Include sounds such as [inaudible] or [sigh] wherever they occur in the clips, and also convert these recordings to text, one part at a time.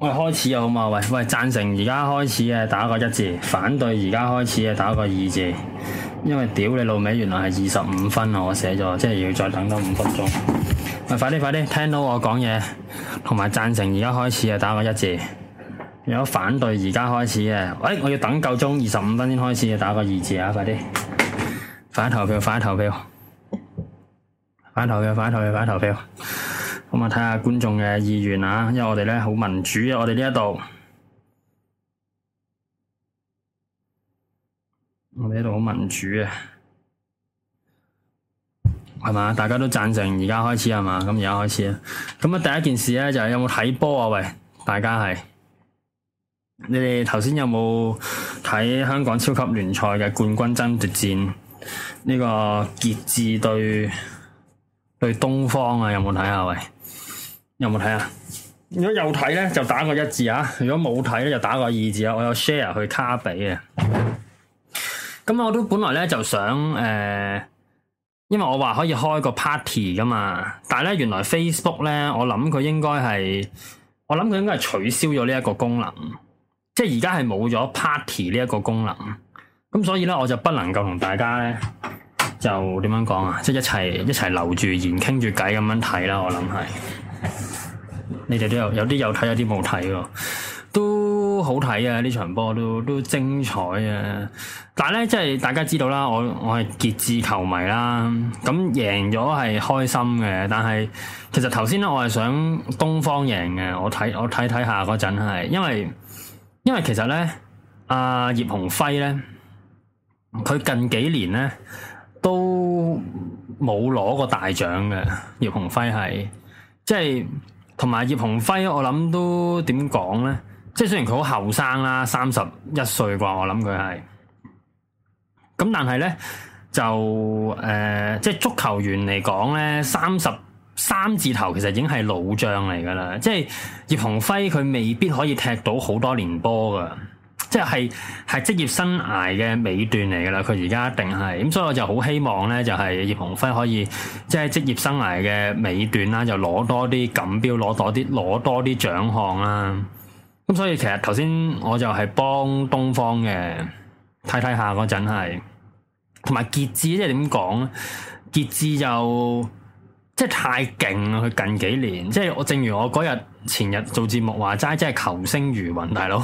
我哋開始啊好嘛？喂，我哋贊成而家開始嘅打個一字，反對而家開始嘅打個二字，因為屌你老味，原來係二十五分，我寫咗即係要再等多五分鐘。喂，快啲快啲，聽到我講嘢，同埋贊成而家開始嘅打個一字，如果反對而家開始嘅，喂，我要等夠鐘二十五分先開始啊，打個二字啊，快啲快啲投票，快啲投票，快投票，快啲投票，快啲投票。咁啊，睇下觀眾嘅意願啊，因為我哋咧好民主啊，我哋呢一度，我哋呢度好民主啊，係嘛？大家都贊成而家開始係嘛？咁而家開始啊！咁啊，第一件事咧就係有冇睇波啊？喂，大家係，你哋頭先有冇睇香港超級聯賽嘅冠軍爭奪戰呢個傑志對對東方啊？有冇睇啊？喂？有冇睇啊？如果有睇咧，就打個一字啊；如果冇睇咧，就打個二字啊。我有 share 去卡俾啊。咁我都本來咧，就想誒、呃，因為我話可以開個 party 噶嘛。但係咧，原來 Facebook 咧，我諗佢應該係，我諗佢應該係取消咗呢一個功能，即係而家係冇咗 party 呢一個功能。咁所以咧，我就不能夠同大家咧，就點樣講啊？即、就、係、是、一齊一齊留住，然傾住偈咁樣睇啦。我諗係。 [music] 你哋都有有啲有睇，有啲冇睇喎，都好睇啊！呢場波都都精彩啊！但係咧，即係大家知道啦，我我係傑志球迷啦，咁贏咗係開心嘅，但係其實頭先咧，我係想東方贏嘅，我睇我睇睇下嗰陣係，因為因為其實咧，阿葉鴻輝咧，佢近幾年咧都冇攞過大獎嘅，葉鴻輝係。即係同埋葉鴻輝，我諗都點講呢？即係雖然佢好後生啦，三十一歲啩，我諗佢係。咁但係呢，就誒，即係足球員嚟講呢，三十三字頭其實已經係老將嚟噶啦。即係葉鴻輝，佢未必可以踢到好多年波噶。即係係職業生涯嘅尾段嚟噶啦，佢而家一定係咁，所以我就好希望咧，就係葉鴻輝可以即係職業生涯嘅尾段啦，啊，就攞多啲錦標，攞多啲，攞多啲獎項啦。咁所以其實頭先我就係幫東方嘅睇睇下嗰陣係，同埋傑志即係點講咧？傑志就即係太勁啦！佢近幾年，即係我正如我嗰日。前日做節目話齋，真係球星如雲，大佬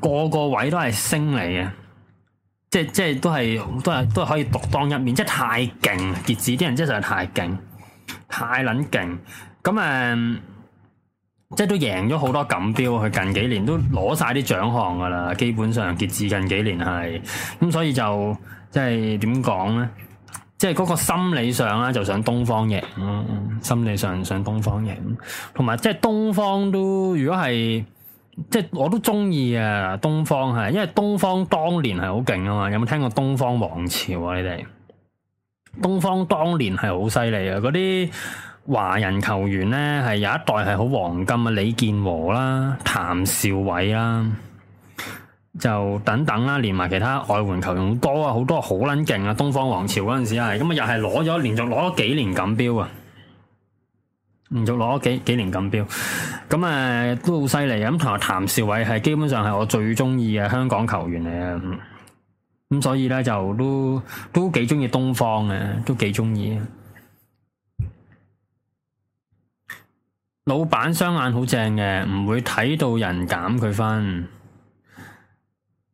個個位都係星嚟嘅，即係即係都係都係都係可以獨當一面，即係太勁。傑志啲人真係實在太勁，太撚勁。咁誒，即係都贏咗好多錦標，佢近幾年都攞晒啲獎項㗎啦。基本上傑志近幾年係咁，所以就即係點講咧？即係嗰個心理上啦，就想東方贏，啊，心理上想東方贏，啊，同埋即係東方都如果係，即係我都中意啊東方係，因為東方當年係好勁啊嘛，有冇聽過東方王朝啊你哋？東方當年係好犀利啊，嗰啲華人球員呢，係有一代係好黃金啊，李健和啦、譚兆偉啦。就等等啦，連埋其他外援球員多啊，好多好撚勁啊！東方王朝嗰陣時係咁啊，又係攞咗連續攞咗幾年錦標啊，連續攞幾幾年錦標，咁啊，都好犀利啊！咁同埋譚兆偉係基本上係我最中意嘅香港球員嚟嘅，咁所以咧就都都幾中意東方嘅，都幾中意。老闆雙眼好正嘅，唔會睇到人減佢分。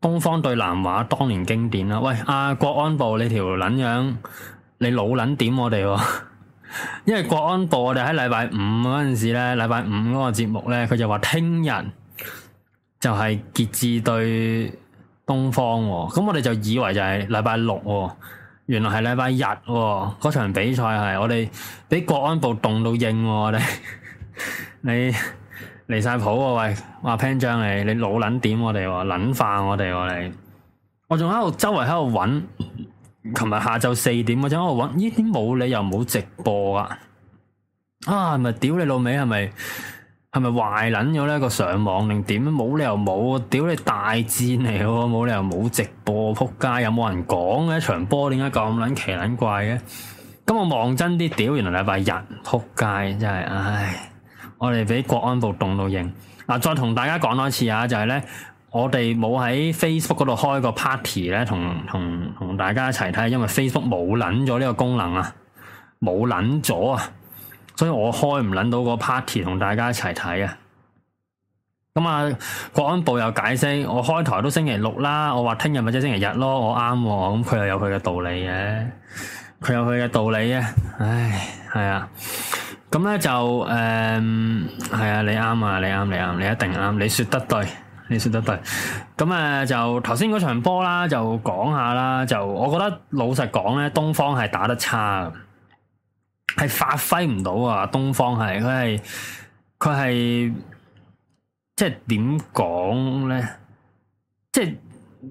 東方對南華當年經典啦，喂啊，國安部你條撚樣，你老撚點我哋喎、哦？因為國安部我哋喺禮拜五嗰陣時咧，禮拜五嗰個節目咧，佢就話聽日就係傑志對東方喎、哦，咁我哋就以為就係禮拜六喎、哦，原來係禮拜日嗰、哦、場比賽係我哋俾國安部凍到應、哦、我哋，你。離晒譜喎！喂，話 pan 張你，你老捻點我哋、啊，捻化我哋、啊，我仲喺度周圍喺度揾。琴日下晝四點嗰陣喺度揾，咦？冇、欸、理由冇直播啊！啊，係咪屌你老味？係咪係咪壞捻咗呢個上網定點？冇理由冇，屌你大賤嚟，冇理由冇直播、啊，撲街有冇人講嘅一場波麼麼？點解咁捻奇捻怪嘅？咁我望真啲，屌！原來禮拜日撲街真係，唉。我哋俾國安部凍到認啊！再同大家講多次啊，就係呢：我哋冇喺 Facebook 嗰度開個 party 咧，同同同大家一齊睇，因為 Facebook 冇捻咗呢個功能啊，冇捻咗啊，所以我開唔捻到個 party 同大家一齊睇啊。咁啊，國安部又解釋，我開台都星期六啦，我話聽日或者星期日咯，我啱喎，咁佢又有佢嘅道理嘅，佢有佢嘅道理啊。唉，係啊。咁咧就誒係、嗯、啊，你啱啊，你啱，你啱，你一定啱，你説得對，你説得對。咁啊就頭先嗰場波啦，就講下啦。就我覺得老實講咧，東方係打得差，係發揮唔到啊。東方係佢係佢係即係點講咧？即係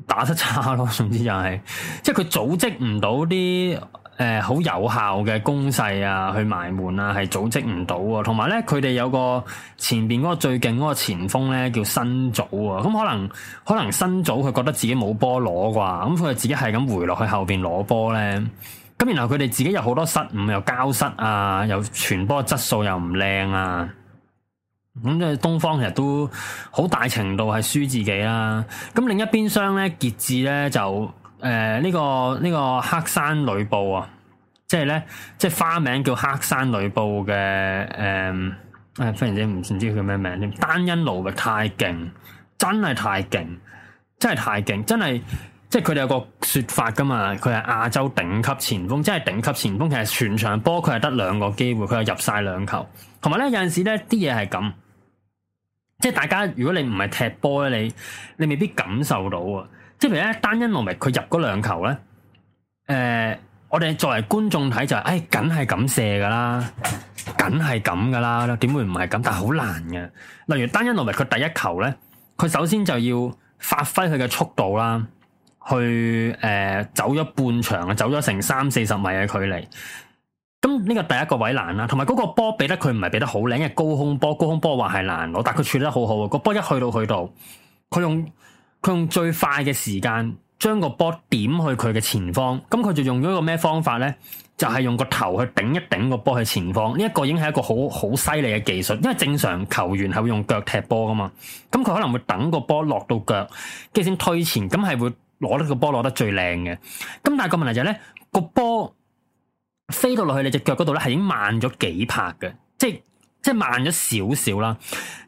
打得差咯，甚至就係、係、即係佢組織唔到啲。誒，好、呃、有效嘅攻勢啊，去埋門啊，係組織唔到啊。同埋咧，佢哋有個前邊嗰個最勁嗰個前鋒咧，叫新祖啊。咁可能可能新祖佢覺得自己冇波攞啩，咁佢自己係咁回落去後邊攞波咧。咁然後佢哋自己有好多失誤，又交失啊，又傳波質素又唔靚啊。咁即係東方其實都好大程度係輸自己啦，啊。咁另一邊廂咧，傑志咧就。誒呢、呃這個呢、這個黑山呂布啊，即係咧，即係花名叫黑山呂布嘅。誒，誒忽然之唔，唔知叫咩名添。丹恩奴力太勁，真係太勁，真係太勁，真係即係佢哋有個說法噶嘛，佢係亞洲頂級前鋒，真係頂級前鋒，其實全場波佢係得兩個機會，佢又入晒兩球，同埋咧有陣時咧啲嘢係咁，即係大家如果你唔係踢波咧，你你，你未必感受到啊。即係咧，單一羅維佢入嗰兩球咧，誒、呃，我哋作為觀眾睇就係、是，哎，梗係咁射噶啦，梗係咁噶啦，點會唔係咁？但係好難嘅。例如單一羅維佢第一球咧，佢首先就要發揮佢嘅速度啦，去誒、呃、走咗半場，走咗成三四十米嘅距離。咁、這、呢個第一個位難啦、啊，同埋嗰個波俾得佢唔係俾得好靚，因為高空波，高空波話係難攞，但係佢處理得好好啊。個波一去到去到，佢用。佢用最快嘅時間將個波點去佢嘅前方，咁佢就用咗一個咩方法呢？就係、是、用個頭去頂一頂個波去前方。呢、這、一個已經係一個好好犀利嘅技術，因為正常球員係會用腳踢波㗎嘛。咁佢可能會等個波落到腳，跟住先推前，咁係會攞得個波攞得最靚嘅。咁但係個問題就係、是、呢，個波飛到落去你隻腳嗰度呢係已經慢咗幾拍嘅，即係。即係慢咗少少啦，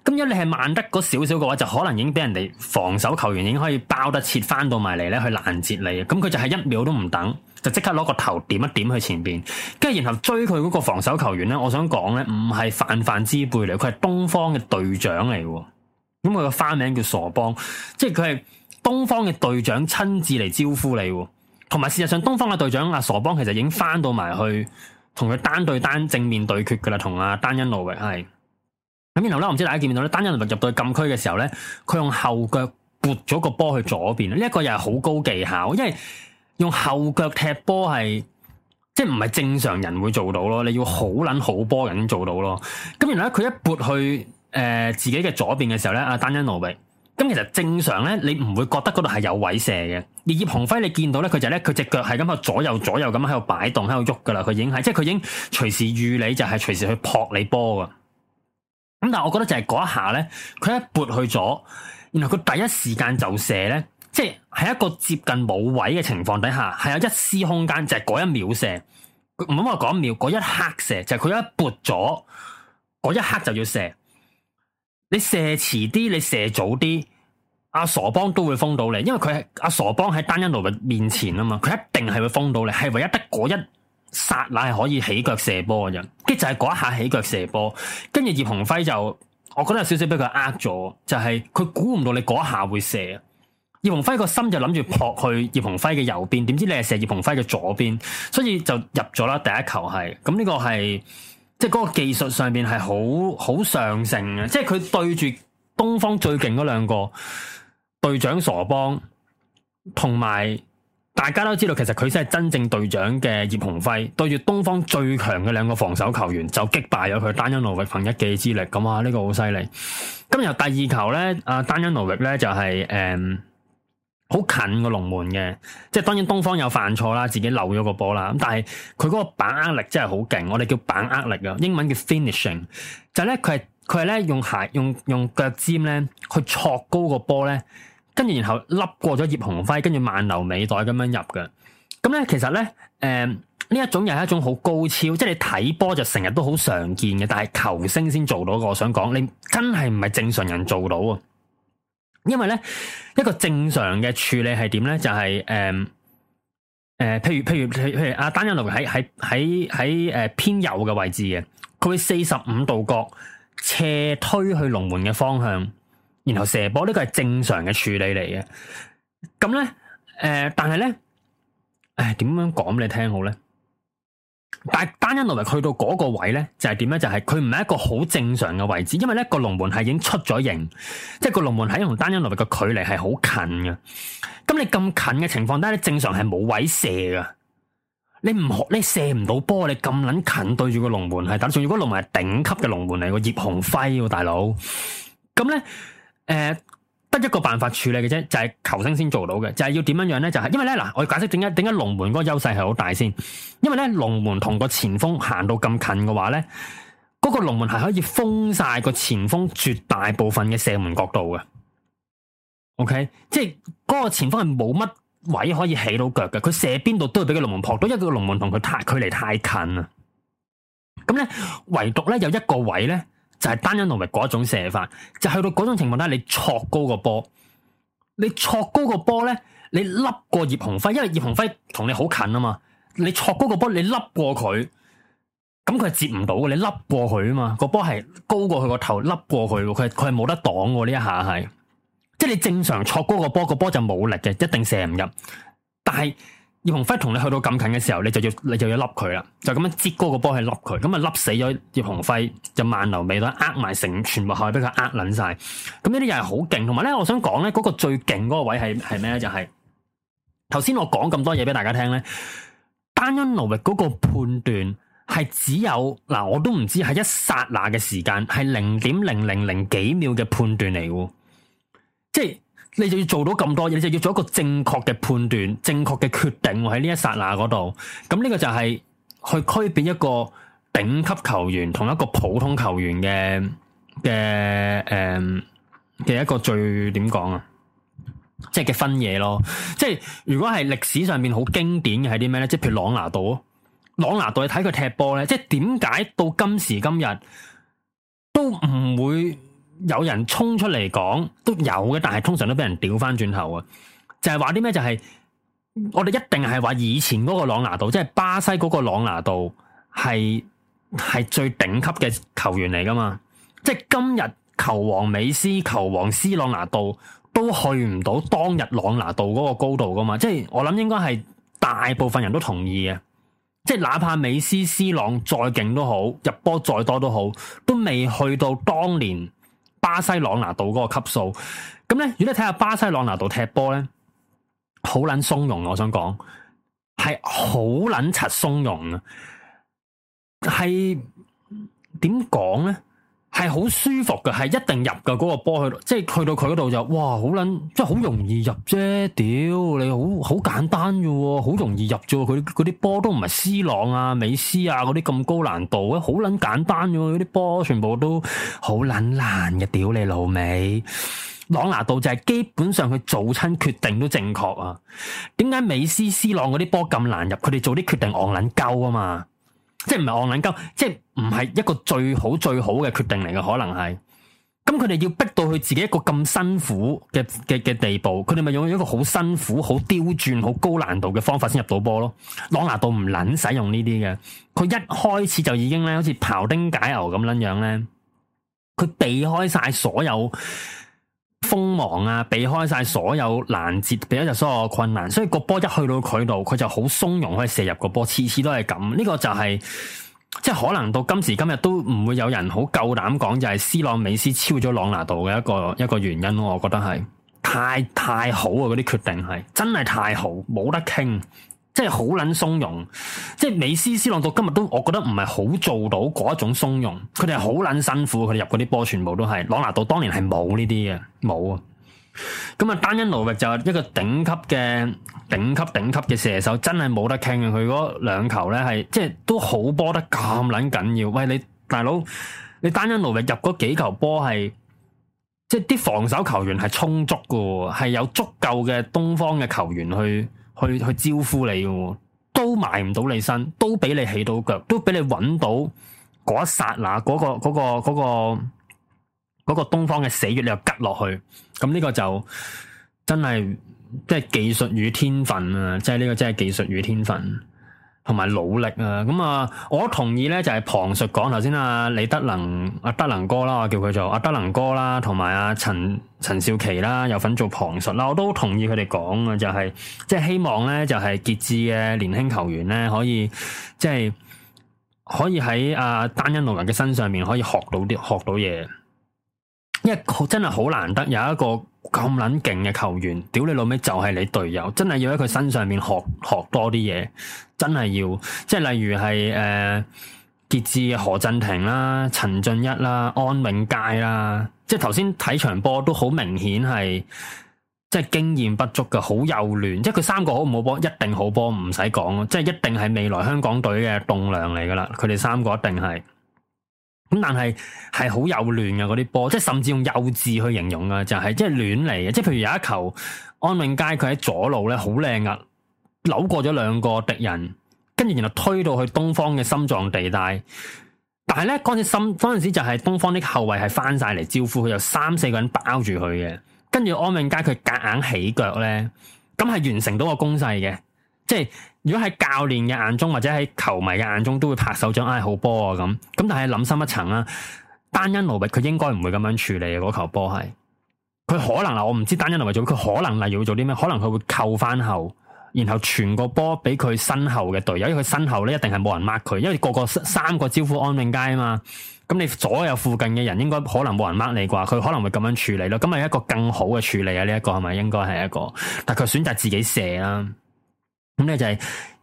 咁因為你係慢得嗰少少嘅話，就可能已經俾人哋防守球員已經可以包得切翻到埋嚟咧，去攔截你。咁佢就係一秒都唔等，就即刻攞個頭點一點去前邊，跟住然後追佢嗰個防守球員咧。我想講咧，唔係泛泛之輩嚟，佢係東方嘅隊長嚟。咁佢個花名叫傻幫，即係佢係東方嘅隊長親自嚟招呼你。同埋事實上，東方嘅隊長阿傻幫其實已經翻到埋去。同佢單對單正面對決嘅啦，同阿丹恩奴域係。咁然後咧，我唔知大家見唔見到咧，丹恩奴域入到禁區嘅時候咧，佢用後腳撥咗個波去左邊，呢、這、一個又係好高技巧，因為用後腳踢波係即係唔係正常人會做到咯，你要好捻好波人做到咯。咁然後咧，佢一撥去誒、呃、自己嘅左邊嘅時候咧，阿丹恩奴域。咁其實正常咧，你唔會覺得嗰度係有位射嘅。而葉鴻輝你，你見到咧，佢就咧佢隻腳係咁喺度左右左右咁喺度擺動，喺度喐噶啦。佢已經係，即係佢已經隨時預你，就係、是、隨時去撲你波噶。咁但係我覺得就係嗰一下咧，佢一撥去咗，然後佢第一時間就射咧，即係喺一個接近冇位嘅情況底下，係有一絲空間，就係、是、嗰一秒射。唔好話嗰一秒，嗰一刻射，就係、是、佢一撥咗嗰一刻就要射。你射遲啲，你射早啲，阿傻邦都會封到你，因為佢係阿傻邦喺單一奴嘅面前啊嘛，佢一定係會封到你，係唯一得嗰一剎那係可以起腳射波嘅啫，跟住就係、是、嗰一下起腳射波，跟住葉鴻輝就，我覺得有少少俾佢呃咗，就係佢估唔到你嗰一下會射，葉鴻輝個心就諗住撲去葉鴻輝嘅右邊，點知你係射葉鴻輝嘅左邊，所以就入咗啦，第一球係，咁、這、呢個係。即係嗰個技術上面係好好上乘嘅，即係佢對住東方最勁嗰兩個隊長傻幫，同埋大家都知道，其實佢先係真正隊長嘅葉鴻輝，對住東方最強嘅兩個防守球員就擊敗咗佢，單一奴域憑一技之力咁啊！呢、這個好犀利。今日第二球呢，阿單恩奴域呢就係、是、誒。Um, 好近個龍門嘅，即係當然東方有犯錯啦，自己漏咗個波啦。咁但係佢嗰個把握力真係好勁，我哋叫把握力啊，英文叫 finishing。就咧佢係佢係咧用鞋用用腳尖咧去挫高個波咧，跟住然後笠過咗葉鴻輝，跟住慢流美袋咁樣入嘅。咁咧其實咧，誒、呃、呢一種又係一種好高超，即係你睇波就成日都好常見嘅，但係球星先做到嘅。我想講，你真係唔係正常人做到啊！因為咧一個正常嘅處理係點咧，就係誒誒，譬如譬如譬如阿丹恩奴喺喺喺喺誒偏右嘅位置嘅，佢會四十五度角斜推去龍門嘅方向，然後射波，呢個係正常嘅處理嚟嘅。咁咧誒，但係咧，誒點樣講俾你聽好咧？但係單一落嚟去到嗰個位咧，就係點咧？就係佢唔係一個好正常嘅位置，因為咧個龍門係已經出咗形，即係個龍門喺同單一落嚟嘅距離係好近嘅。咁你咁近嘅情況底下，你正常係冇位射噶。你唔學，你射唔到波。你咁撚近對住個龍門係，但係仲要個龍門係頂級嘅龍門嚟，個葉鴻輝喎大佬。咁咧，誒、呃。得一個辦法處理嘅啫，就係、是、求生先做到嘅，就係、是、要點樣樣咧？就係、是、因為咧嗱，我解釋點解點解龍門嗰個優勢係好大先。因為咧龍門同、那個前鋒行到咁近嘅話咧，嗰個龍門係可以封晒個前鋒絕大部分嘅射門角度嘅。OK，即係嗰個前鋒係冇乜位可以起到腳嘅，佢射邊度都係俾個龍門撲到，因為佢個龍門同佢太距離太近啦。咁咧，唯獨咧有一個位咧。就係單一同埋嗰一種射法，就去到嗰種情況咧，你戳高個波，你戳高個波咧，你笠過葉鴻輝，因為葉鴻輝同你好近啊嘛，你戳高個波，你笠過佢，咁佢係接唔到嘅，你笠過佢啊嘛，個波係高過佢個頭，笠過去，佢佢係冇得擋嘅呢一下係，即係你正常戳高個波，個波就冇力嘅，一定射唔入，但係。葉鴻輝同你去到咁近嘅時候，你就要你就要笠佢啦，就咁樣截高個波去笠佢，咁啊笠死咗葉鴻輝就萬流尾都呃埋成全部后羿俾佢呃撚晒，咁呢啲又係好勁，同埋咧，我想講咧，嗰、嗰個最勁嗰個位係係咩咧？就係頭先我講咁多嘢俾大家聽咧，單因努力嗰個判斷係只有嗱，我都唔知係一剎那嘅時間，係零點零零零幾秒嘅判斷嚟噶，即係。你就要做到咁多嘢，你就要做一個正確嘅判斷、正確嘅決定喺呢一刹那嗰度。咁呢個就係去區別一個頂級球員同一個普通球員嘅嘅誒嘅一個最點講啊？即係嘅分野咯。即係如果係歷史上面好經典嘅係啲咩呢？即係譬如朗拿度，朗拿度你睇佢踢波呢，即係點解到今時今日都唔會？有人衝出嚟，講都有嘅，但係通常都俾人屌翻轉頭啊！就係話啲咩？就係我哋一定係話以前嗰個朗拿度，即係巴西嗰個朗拿度，係係最頂級嘅球員嚟噶嘛？即係今日球王美斯、球王斯朗拿度都去唔到當日朗拿度嗰個高度噶嘛？即係我諗應該係大部分人都同意啊，即係哪怕美斯、斯朗再勁都好，入波再多都好，都未去到當年。巴西朗拿度嗰個級數，咁咧，如果你睇下巴西朗拿度踢波咧，好撚鬆容。我想講係好撚柒鬆容。啊，係點講咧？係好舒服噶，係一定入噶嗰個波去到，即係去到佢嗰度就，哇，好捻，即係好容易入啫，屌你好好簡單嘅，好容易入啫，佢啲波都唔係 C 朗啊、美斯啊嗰啲咁高難度，好捻簡單嘅，嗰啲波全部都好捻難嘅，屌你老味，朗拿度就係基本上佢做親決定都正確啊，點解美斯、C 朗嗰啲波咁難入，佢哋做啲決定戇捻鳩啊嘛？嗯嗯嗯嗯嗯嗯嗯嗯即係唔係戇捻鳩，即係唔係一個最好最好嘅決定嚟嘅，可能係。咁佢哋要逼到佢自己一個咁辛苦嘅嘅嘅地步，佢哋咪用一個好辛苦、好刁鑽、好高難度嘅方法先入到波咯。朗拿度唔撚使用呢啲嘅，佢一開始就已經咧，好似庖丁解牛咁捻樣咧，佢避開晒所有。鋒芒啊，避開晒所有攔截，避開晒所有困難，所以個波一去到佢度，佢就好鬆容可以射入個波，次次都係咁。呢、這個就係、是、即係可能到今時今日都唔會有人好夠膽講，就係斯朗美斯超咗朗拿度嘅一個一個原因咯。我覺得係太太好啊，嗰啲決定係真係太好，冇得傾。即係好卵鬆容，即係美斯斯朗到今日都，我覺得唔係好做到嗰一種鬆容。佢哋係好卵辛苦，佢哋入嗰啲波全部都係，朗拿度當年係冇呢啲嘅，冇啊。咁啊，單恩奴域就係一個頂級嘅頂級頂級嘅射手，真係冇得傾。佢嗰兩球呢係，即係都好波得咁卵緊要。喂，你大佬，你單恩奴域入嗰幾球波係，即係啲防守球員係充足㗎，係有足夠嘅東方嘅球員去。去去招呼你嘅，都埋唔到你身，都俾你起到腳，都俾你揾到嗰一剎那，嗰、嗰個嗰、嗰個、嗰個、嗰個東方嘅死穴你又吉落去，咁呢個就真係即係技術與天分啊！即係呢個真係技術與天分、啊。同埋努力啊！咁啊，我同意咧，就係、是、旁述講頭先啊，李德能啊，德能哥啦，我叫佢做阿、啊、德能哥啦，同埋阿陳陳少琪啦，有份做旁述啦，我都同意佢哋講啊，就係即係希望咧，就係傑志嘅年輕球員咧，可以即係、就是、可以喺啊丹恩路人嘅身上面可以學到啲學到嘢，因為真係好難得有一個。咁捻勁嘅球員，屌你老味就係你隊友，真係要喺佢身上面學學多啲嘢，真係要，即係例如係誒，呃，傑志嘅何振霆啦、陳俊一啦、安永佳啦，即係頭先睇場波都好明顯係，即係經驗不足嘅，好幼嫩，即係佢三個好唔好波，一定好波唔使講，即係一定係未來香港隊嘅棟梁嚟噶啦，佢哋三個一定係。咁但係係好幼嫩啊！嗰啲波，即係甚至用幼稚去形容啊，就係即係亂嚟嘅。即係譬如有一球安永佳佢喺左路咧，好靚啊，扭過咗兩個敵人，跟住然後推到去東方嘅心臟地帶。但係咧嗰陣時心，陣時就係東方啲後衛係翻晒嚟招呼，佢有三四個人包住佢嘅。跟住安永佳佢夾硬起腳咧，咁係完成到個攻勢嘅，即係。如果喺教練嘅眼中，或者喺球迷嘅眼中，都會拍手掌，哎，好波啊！咁咁，但係諗深一層啦，單恩奴密佢應該唔會咁樣處理嗰球波，係佢可能嗱，我唔知單恩奴密做，佢可能例如會做啲咩？可能佢會扣翻後，然後傳個波俾佢身後嘅隊友，因為佢身後咧一定係冇人 mark 佢，因為個個三個招呼安永佳啊嘛。咁你左右附近嘅人應該可能冇人 mark 你啩？佢可能會咁樣處理咯。咁係一個更好嘅處理啊！呢、這、一個係咪應該係一個？但佢選擇自己射啦。咁咧就係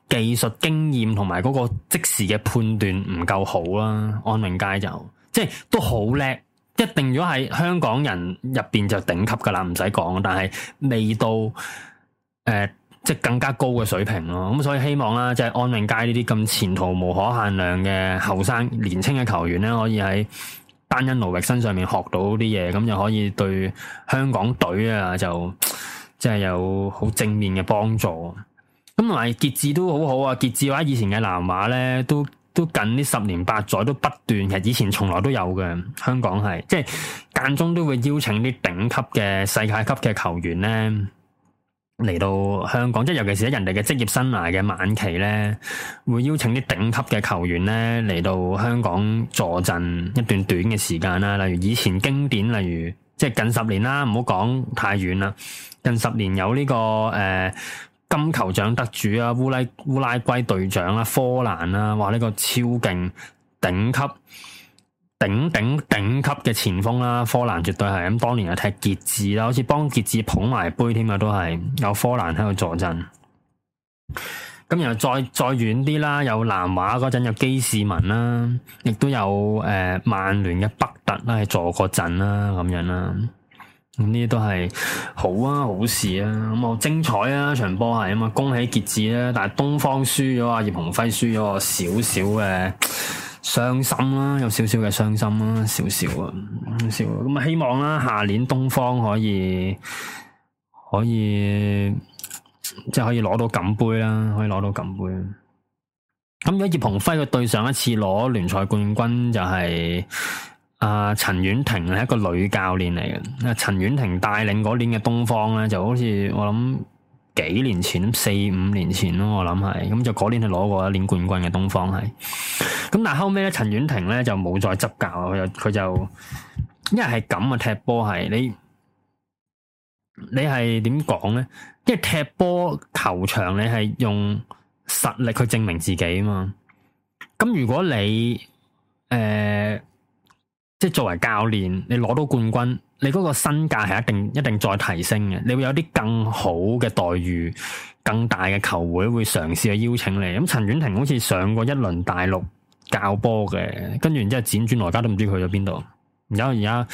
技術經驗同埋嗰個即時嘅判斷唔夠好啦、啊，安永佳就即係都好叻，一定如果喺香港人入邊就頂級噶啦，唔使講。但係未到誒、呃，即係更加高嘅水平咯。咁所以希望啦、啊，即、就、係、是、安永佳呢啲咁前途無可限量嘅後生、年輕嘅球員咧，可以喺單恩奴域身上面學到啲嘢，咁就可以對香港隊啊，就即係、就是、有好正面嘅幫助。咁同埋傑志都好好啊！傑志嘅話以，以前嘅南華咧，都都近呢十年八載都不斷，其實以前從來都有嘅。香港係即係間中都會邀請啲頂級嘅世界級嘅球員咧嚟到香港，即係尤其是喺人哋嘅職業生涯嘅晚期咧，會邀請啲頂級嘅球員咧嚟到香港坐鎮一段短嘅時間啦。例如以前經典，例如即係近十年啦，唔好講太遠啦。近十年有呢、呢個誒。呃金球獎得主啊，烏拉烏拉圭隊長啊，科蘭啊，哇！呢個超勁頂級頂頂頂級嘅前鋒啦，科蘭絕對係咁。當年又踢傑志啦，好似幫傑志捧埋杯添啊，都係有科蘭喺度坐陣。咁然後再再遠啲啦，有南華嗰陣有基士文啦，亦都有誒、呃、曼聯嘅北特啦，係坐個陣啦，咁樣啦。咁呢啲都係好啊，好事啊，咁啊精彩啊場波係啊嘛，恭喜傑志咧，但係東方輸咗啊，葉鴻輝輸咗啊，少少嘅傷心啦，有少少嘅傷心啦，少少啊，少咁啊，希望啦，下年東方可以可以即係可以攞到錦杯啦，可以攞，就是，到錦杯啊。咁，啊、如果葉鴻輝佢對上一次攞聯賽冠軍就係，是。啊，陳婉婷係一個女教練嚟嘅。啊，陳婉婷帶領嗰年嘅東方咧，就好似我諗幾年前，四五年前咯，我諗係，咁就嗰年係攞過一年冠軍嘅東方係。咁但係後尾咧，陳婉婷咧就冇再執教，佢就佢就，因為係咁嘅踢波係你，你係點講咧？即係踢波球，球場，你係用實力去證明自己啊嘛。咁如果你誒，呃即係作為教練，你攞到冠軍，你嗰個身價係一定一定再提升嘅。你會有啲更好嘅待遇，更大嘅球會會嘗試去邀請你。咁、嗯、陳婉婷好似上過一輪大陸教波嘅，跟住然之後輾轉來家都唔知佢去咗邊度。然之後而家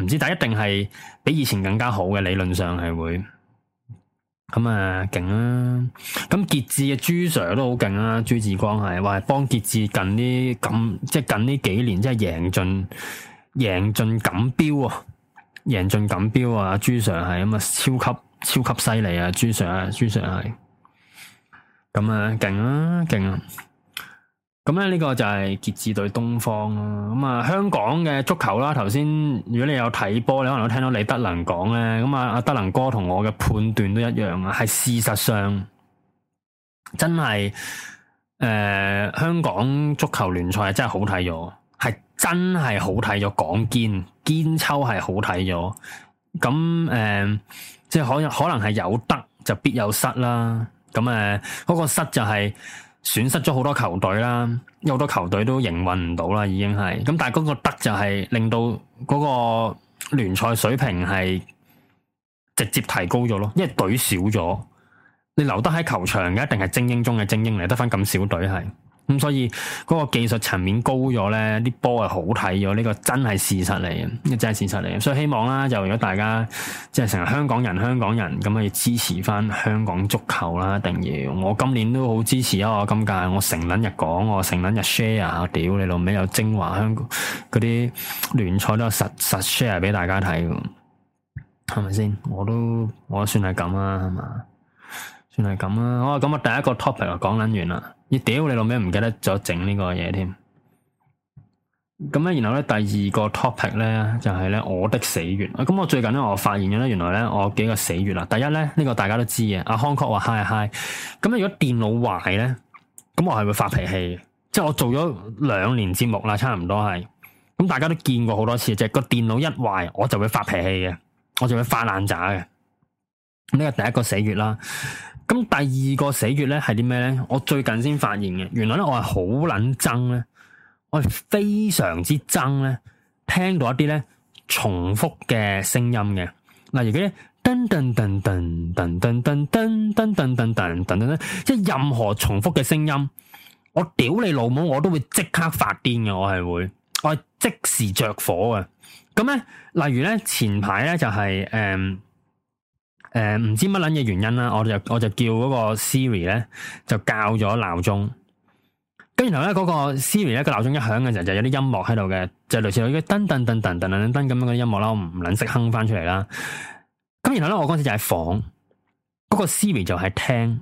唔知，但一定係比以前更加好嘅。理論上係會咁、嗯、啊，勁啦、啊！咁傑志嘅朱 Sir 都好勁啦，朱志光係話、哎、幫傑志近啲咁，即係近呢幾年即係贏盡。贏進錦標啊！贏進錦標啊！朱 Sir 係咁啊，超級超級犀利啊！朱 Sir 啊，朱 Sir 係咁啊，勁啊，勁啊！咁咧呢個就係傑志對東方啊。咁啊，香港嘅足球啦，頭先如果你有睇波，你可能都聽到李德能講咧。咁啊，阿德能哥同我嘅判斷都一樣啊，係事實上真係誒、呃，香港足球聯賽真係好睇咗、啊。係真係好睇咗，講緊港超係好睇咗。咁誒、呃，即係可，可能可能係有得就必有失啦。咁誒，嗰、嗰個失就係損失咗好多球隊啦，好多球隊都營運唔到啦，已經係。咁但係嗰個得就係令到嗰個聯賽水平係直接提高咗咯，因為隊少咗，你留得喺球場嘅一定係精英中嘅精英嚟，得返咁少隊係。咁、嗯、所以嗰個技術層面高咗呢，啲波係好睇咗，呢、呢個真係事實嚟嘅，呢個、真係事實嚟。所以希望啦、啊，就如果大家即係成日香港人，香港人咁可以支持翻香港足球啦，一定要。我今年都好支持啊，我今屆我成撚日講，我成撚日 share，啊。屌你老尾有精華香港嗰啲聯賽都有實實 share 俾大家睇，係咪先？我都我都算係咁啦，係嘛？算係咁啦，我啊咁啊第一個 topic 啊講緊完啦，你屌你老味唔記得咗整呢個嘢添。咁咧然後咧第二個 topic 咧就係、是、咧我的死穴。咁我最近咧我發現咗咧，原來咧我幾個死穴啦。第一咧呢、這個大家都知嘅，阿康確話嗨嗨。咁如果電腦壞咧，咁我係會發脾氣嘅，即係我做咗兩年節目啦，差唔多係。咁大家都見過好多次，即係個電腦一壞我就會發脾氣嘅，我就會發爛渣嘅。呢個第一個死穴啦。咁第二個死穴咧係啲咩咧？我最近先發現嘅，原來咧我係好撚憎咧，我係非常之憎咧，聽到一啲咧重複嘅聲音嘅。嗱，例如咧噔噔噔噔噔噔噔噔噔噔噔噔噔，即係任何重複嘅聲音，我屌你老母，我都會即刻發癲嘅，我係會，我係即時着火嘅。咁咧，例如咧，前排咧就係誒。誒，唔、呃、知乜捻嘢原因啦，我就我就叫嗰個 Siri 咧，就校咗鬧鐘。跟住然後咧，嗰、那個 Siri 咧個鬧鐘一響嘅時候，就有啲音樂喺度嘅，就類似嗰啲噔噔噔噔噔噔噔咁樣嘅音樂啦，我唔捻識哼翻出嚟啦。咁然後咧，我嗰時就喺房，嗰個 Siri 就喺廳。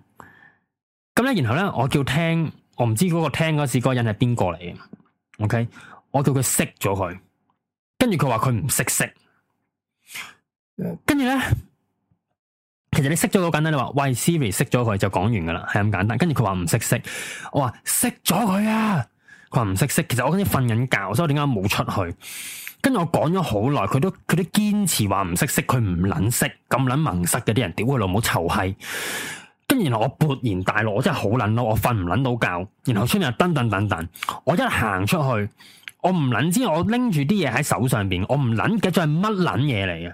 咁咧，然後咧、那個，我叫聽，我唔知嗰個聽嗰時嗰個人係邊個嚟嘅。OK，我叫佢熄咗佢，跟住佢話佢唔識熄，跟住咧。其實你識咗個梗咧，你話喂，Siri 識咗佢就講完噶啦，係咁簡單。跟住佢話唔識識，我話識咗佢啊，佢話唔識識。其實我嗰時瞓緊覺，所以我點解冇出去？跟住我講咗好耐，佢都佢都堅持話唔識識，佢唔卵識咁卵蒙塞嘅啲人，屌佢老母臭閪！跟住然後我勃然大怒，我真係好卵嬲，我瞓唔卵到覺。然後出面燈等等等，我一行出去，我唔卵知我拎住啲嘢喺手上邊，我唔卵嘅就係乜卵嘢嚟嘅？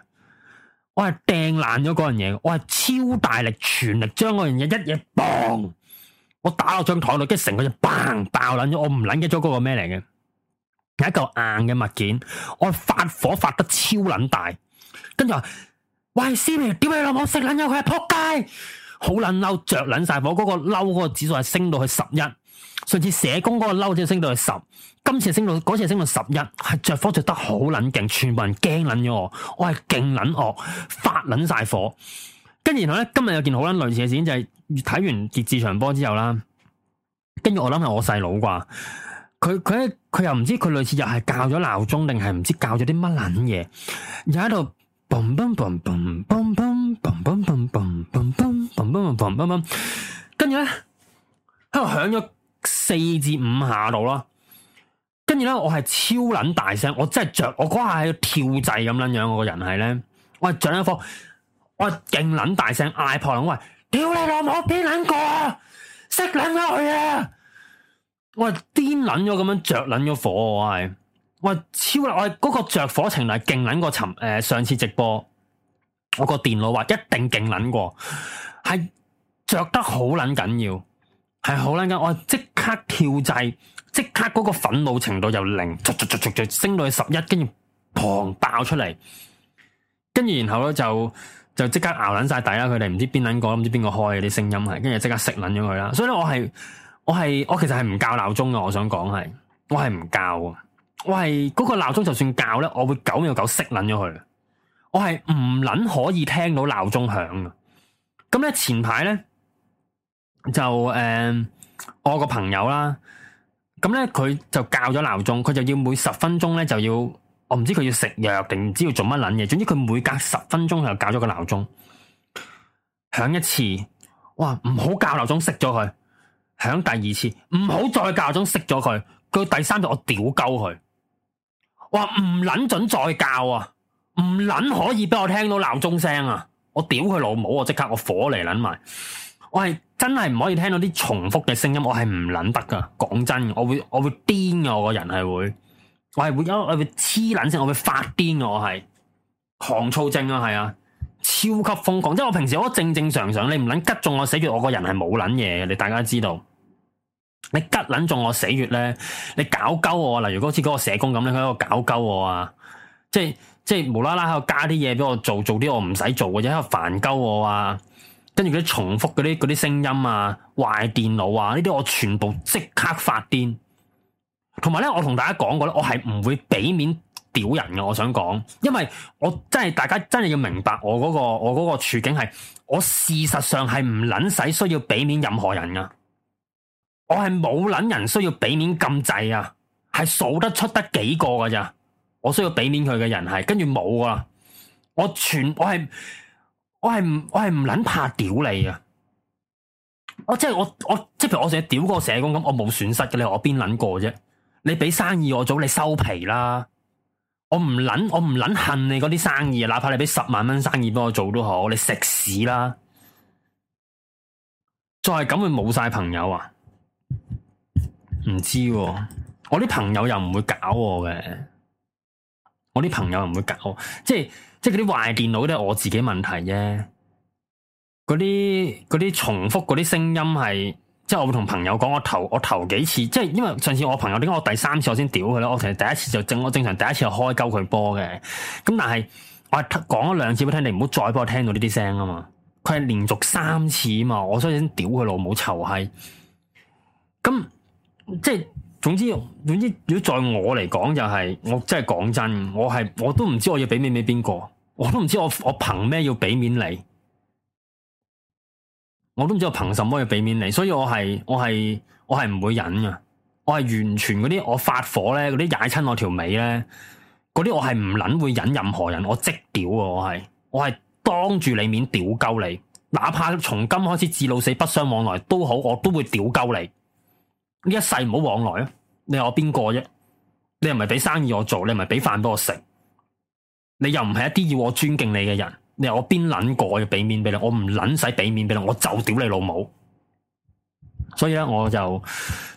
我係掟爛咗嗰樣嘢，我係超大力全力將嗰樣嘢一嘢磅，我打落張台度，跟住成個就 bang 爆捻咗，我唔捻記得咗嗰個咩嚟嘅？係一嚿硬嘅物件，我發火發得超捻大，跟住話：喂，Siri，點解又冇食捻嘢？佢係撲街，好捻嬲，着捻晒火，嗰個嬲嗰個指數係升到去十一，上次社工嗰個嬲先升到去十。今次升到嗰次升到十一，係着火着得好捻勁，全部人驚捻咗我，我係勁捻惡，發捻晒火。跟住然後咧，今日有件好捻類似嘅事，就係睇完傑志場波之後啦。跟住我諗下我細佬啩，佢佢佢又唔知佢類似又係校咗鬧鐘，定係唔知校咗啲乜捻嘢，又喺度嘣嘣嘣嘣嘣嘣嘣嘣嘣嘣嘣嘣嘣嘣，跟住咧喺度響咗四至五下度咯。跟住咧，我係超捻大聲，我真係着，我嗰下喺跳掣咁捻樣，我個人係咧，我係着咗火，我係勁捻大聲嗌破喉，我話屌你老母，邊捻過啊，熄捻咗佢啊，我係癲捻咗，咁樣着捻咗火，我係我係超捻，我係嗰個着火情，度係勁捻過沉，誒，上次直播我個電腦話一定勁捻過，係着得好捻緊要，係好捻緊，我即刻跳掣。即刻嗰個憤怒程度由零，卒卒卒卒卒升到去十一，跟住砰爆出嚟，跟住然後咧就就即刻咬捻晒底啦！佢哋唔知邊捻個，唔知邊個開嗰啲聲音係，跟住即刻熄捻咗佢啦。所以咧，我係我係我其實係唔教鬧鐘嘅。我想講係，我係唔教啊！我係嗰、那個鬧鐘就算教咧，我會九秒九熄捻咗佢。我係唔捻可以聽到鬧鐘響嘅。咁咧前排咧就誒、呃，我個朋友啦。咁咧，佢就校咗鬧鐘，佢就要每十分鐘咧就要，我唔知佢要食藥定唔知要做乜捻嘢。總之佢每隔十分鐘佢就校咗個鬧鐘響一次，哇！唔好校鬧鐘熄咗佢，響第二次，唔好再校鬧鐘熄咗佢。佢第三日，我屌鳩佢，話唔捻准再校啊，唔捻可以俾我聽到鬧鐘聲啊！我屌佢老母啊，即刻我火嚟，捻埋，我係。真係唔可以聽到啲重複嘅聲音，我係唔捻得噶。講真，我會我會癲噶，我個人係會，我係會一我會黐捻性，我會發癲噶，我係狂躁症啊，係啊，超級瘋狂。即係我平時我正正常常，你唔捻吉中我死穴，我個人係冇捻嘢。你大家知道，你吉捻中我死穴咧，你搞鳩我，例如好似嗰個社工咁咧，佢喺度搞鳩我啊，即係即係無啦啦喺度加啲嘢俾我做，做啲我唔使做嘅嘢，喺度煩鳩我啊。跟住啲重複嗰啲嗰啲聲音啊，壞電腦啊，呢啲我全部即刻發癲。同埋呢，我同大家講過咧，我係唔會俾面屌人嘅。我想講，因為我真係大家真係要明白我嗰個我個處境係，我事實上係唔捻使需要俾面任何人啊。我係冇捻人需要俾面禁制啊，係數得出得幾個噶咋？我需要俾面佢嘅人係跟住冇啦。我全我係。我係唔我係唔捻怕屌你啊！我，我即係我我即係譬如我成日屌個社工咁，我冇損失嘅，你話我邊捻過啫？你畀生意我做，你收皮啦！我唔捻我唔捻恨你嗰啲生意啊！哪怕你畀十萬蚊生意幫我做都好，你食屎啦！再係咁會冇晒朋友啊？唔知我啲朋友又唔會搞我嘅，我啲朋友又唔會搞我，即係。即係嗰啲壞電腦都係我自己問題啫。嗰啲嗰啲重複嗰啲聲音係，即係我會同朋友講，我投我投幾次，即係因為上次我朋友點解我第三次我先屌佢咧？我其實第一次就正我正常第一次開鳩佢波嘅，咁但係我講咗兩次俾佢聽，你唔好再俾我聽到呢啲聲啊嘛。佢係連續三次啊嘛，我所以先屌佢老母臭閪。咁即係。總之總之，如果在我嚟講就係，我真係講真，我係我都唔知我要俾面俾邊個，我都唔知我我憑咩要俾面你，我都唔知我憑什麼要俾面你，所以我係我係我係唔會忍啊，我係完全嗰啲我發火咧，嗰啲踩親我條尾咧，嗰啲我係唔捻會忍任何人，我即屌啊，我係我係當住你面屌鳩你，哪怕從今開始至老死不相往來都好，我都會屌鳩你。呢一世唔好往來啊！你話我邊個啫？你又唔係俾生意我做？你唔係俾飯俾我食？你又唔係一啲要我尊敬你嘅人？你話我邊捻過要俾面俾你？我唔捻使俾面俾你，我就屌你老母！所以咧，我就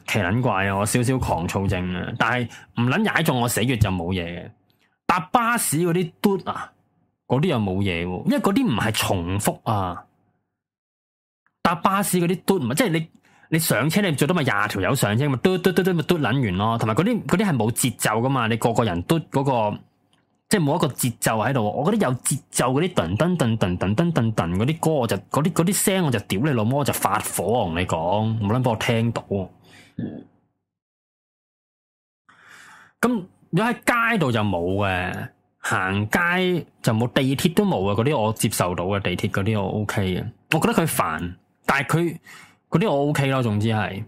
奇捻怪啊！我少少狂躁症啊！但係唔捻踩中我死穴就冇嘢嘅。搭巴士嗰啲嘟啊，嗰啲又冇嘢喎，因為嗰啲唔係重複啊。搭巴士嗰啲嘟唔係即係你。你上車，你最多咪廿條友上車咪嘟嘟嘟嘟咪嘟捻完咯，同埋嗰啲嗰啲係冇節奏噶嘛，你個個人嘟嗰、嗰個即係冇一個節奏喺度。我覺得有節奏嗰啲噔噔噔噔噔噔噔噔嗰啲歌，嗰個、我就嗰啲嗰啲聲我就屌你老母，我就發火我同你講，冇卵幫我聽到。咁你喺街度就冇嘅，行街就冇，地鐵都冇啊！嗰啲我接受到嘅地鐵嗰啲我 OK 嘅，我覺得佢煩，但係佢。嗰啲我 OK 咯，總之係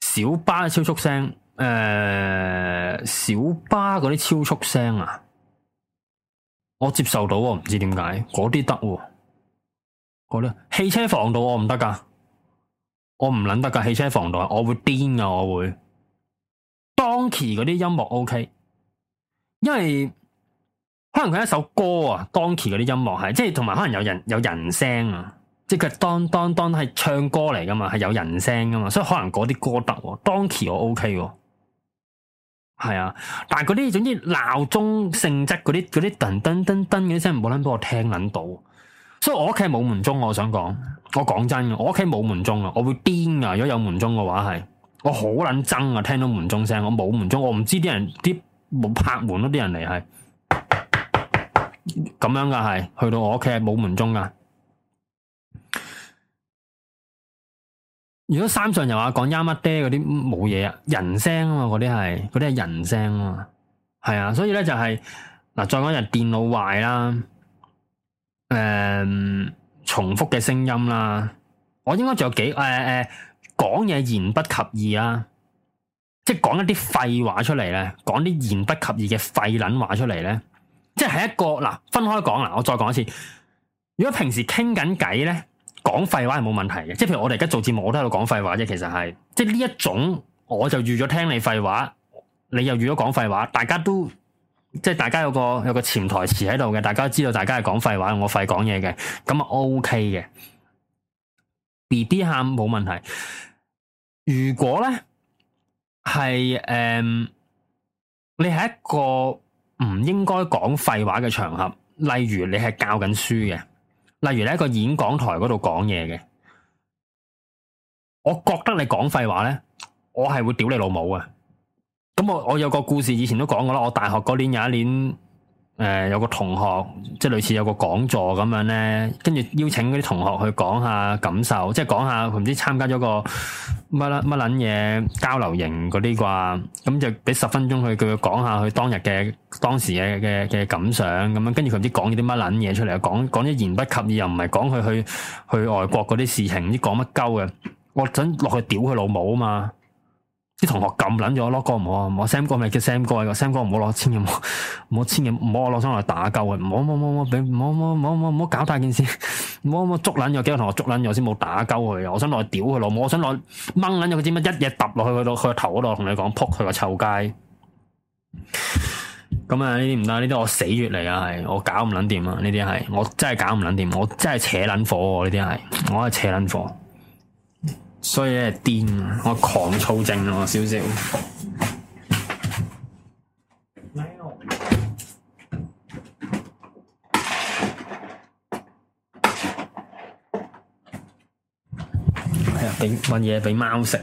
小巴嘅超速聲，誒，小巴嗰啲超速聲、呃、啊，我接受到，唔知點解嗰啲得喎，嗰啲汽車防盜我唔得噶，我唔捻得噶汽車防盜，我會癲啊。我會 Donkey 嗰啲音樂 OK，因為可能佢一首歌啊，Donkey 嗰啲音樂係，即係同埋可能有人有人聲啊。即係當當當係唱歌嚟噶嘛，係有人聲噶嘛，所以可能嗰啲歌得喎。Donkey 我 OK 喎，係啊。但係嗰啲總之鬧鐘性質嗰啲嗰啲噔噔噔噔嗰啲聲冇卵俾我聽捻到，所以我屋企係冇門鐘。我想講，我講真噶，我屋企冇門鐘啊，我會癲噶癲啊。如果有門鐘嘅話係，我好撚憎啊，聽到門鐘聲。我冇門鐘，我唔知啲人啲冇拍門咯，啲人嚟係咁樣噶係，去到我屋企係冇門鐘噶。如果三上又話講呀乜爹嗰啲冇嘢啊，ade, 人聲啊嘛，嗰啲係，嗰啲係人聲啊嘛，係啊，所以咧就係、是、嗱，再講就電腦壞啦，誒、嗯，重複嘅聲音啦，我應該仲有幾誒誒，講、呃、嘢、呃、言不及義啦，即係講一啲廢話出嚟咧，講啲言不及義嘅廢捻話出嚟咧，即係一個嗱，分開講啦，我再講一次，如果平時傾緊偈咧。講廢話係冇問題嘅，即係譬如我哋而家做節目，我都喺度講廢話啫。其實係，即係呢一種，我就預咗聽你廢話，你又預咗講廢話，大家都即係大家有個有個潛台詞喺度嘅，大家都知道大家係講廢話，我廢講嘢嘅，咁啊 OK 嘅。B B 喊冇問題。如果咧係誒，你係一個唔應該講廢話嘅場合，例如你係教緊書嘅。例如你喺個演講台嗰度講嘢嘅，我覺得你講廢話咧，我係會屌你老母啊！咁我我有個故事，以前都講過啦，我大學嗰年有一年。誒、呃，有個同學即係類似有個講座咁樣咧，跟住邀請嗰啲同學去講下感受，即係講下佢唔知參加咗個乜乜捻嘢交流營嗰啲啩，咁就俾十分鐘佢，佢要講下佢當日嘅當時嘅嘅嘅感想咁樣，跟住佢唔知講咗啲乜捻嘢出嚟，講講啲言不及義，又唔係講佢去去外國嗰啲事情，唔知講乜鳩嘅，我想落去屌佢老母啊嘛！啲同學撳卵咗，攞哥唔好啊！我 sam 哥咪叫 sam 哥，sam 哥唔好攞千祈，冇冇千祈，唔好攞上嚟打交佢！唔好唔好唔好唔好好好唔好搞大件事，唔好好捉卵咗，幾個同學捉卵咗先冇打交佢啊！我想攞屌佢咯，我想攞掹卵咗佢，知唔知一嘢揼落去，佢到佢個頭嗰度，同你講扑佢個臭街。咁啊，呢啲唔得，呢啲我死穴嚟啊！係我搞唔卵掂啊！呢啲係我真係搞唔卵掂，我真係扯卵火，呢啲係我係扯卵火。所以咧癲，我狂躁症啊，我少少。係啊，俾搵嘢俾貓食，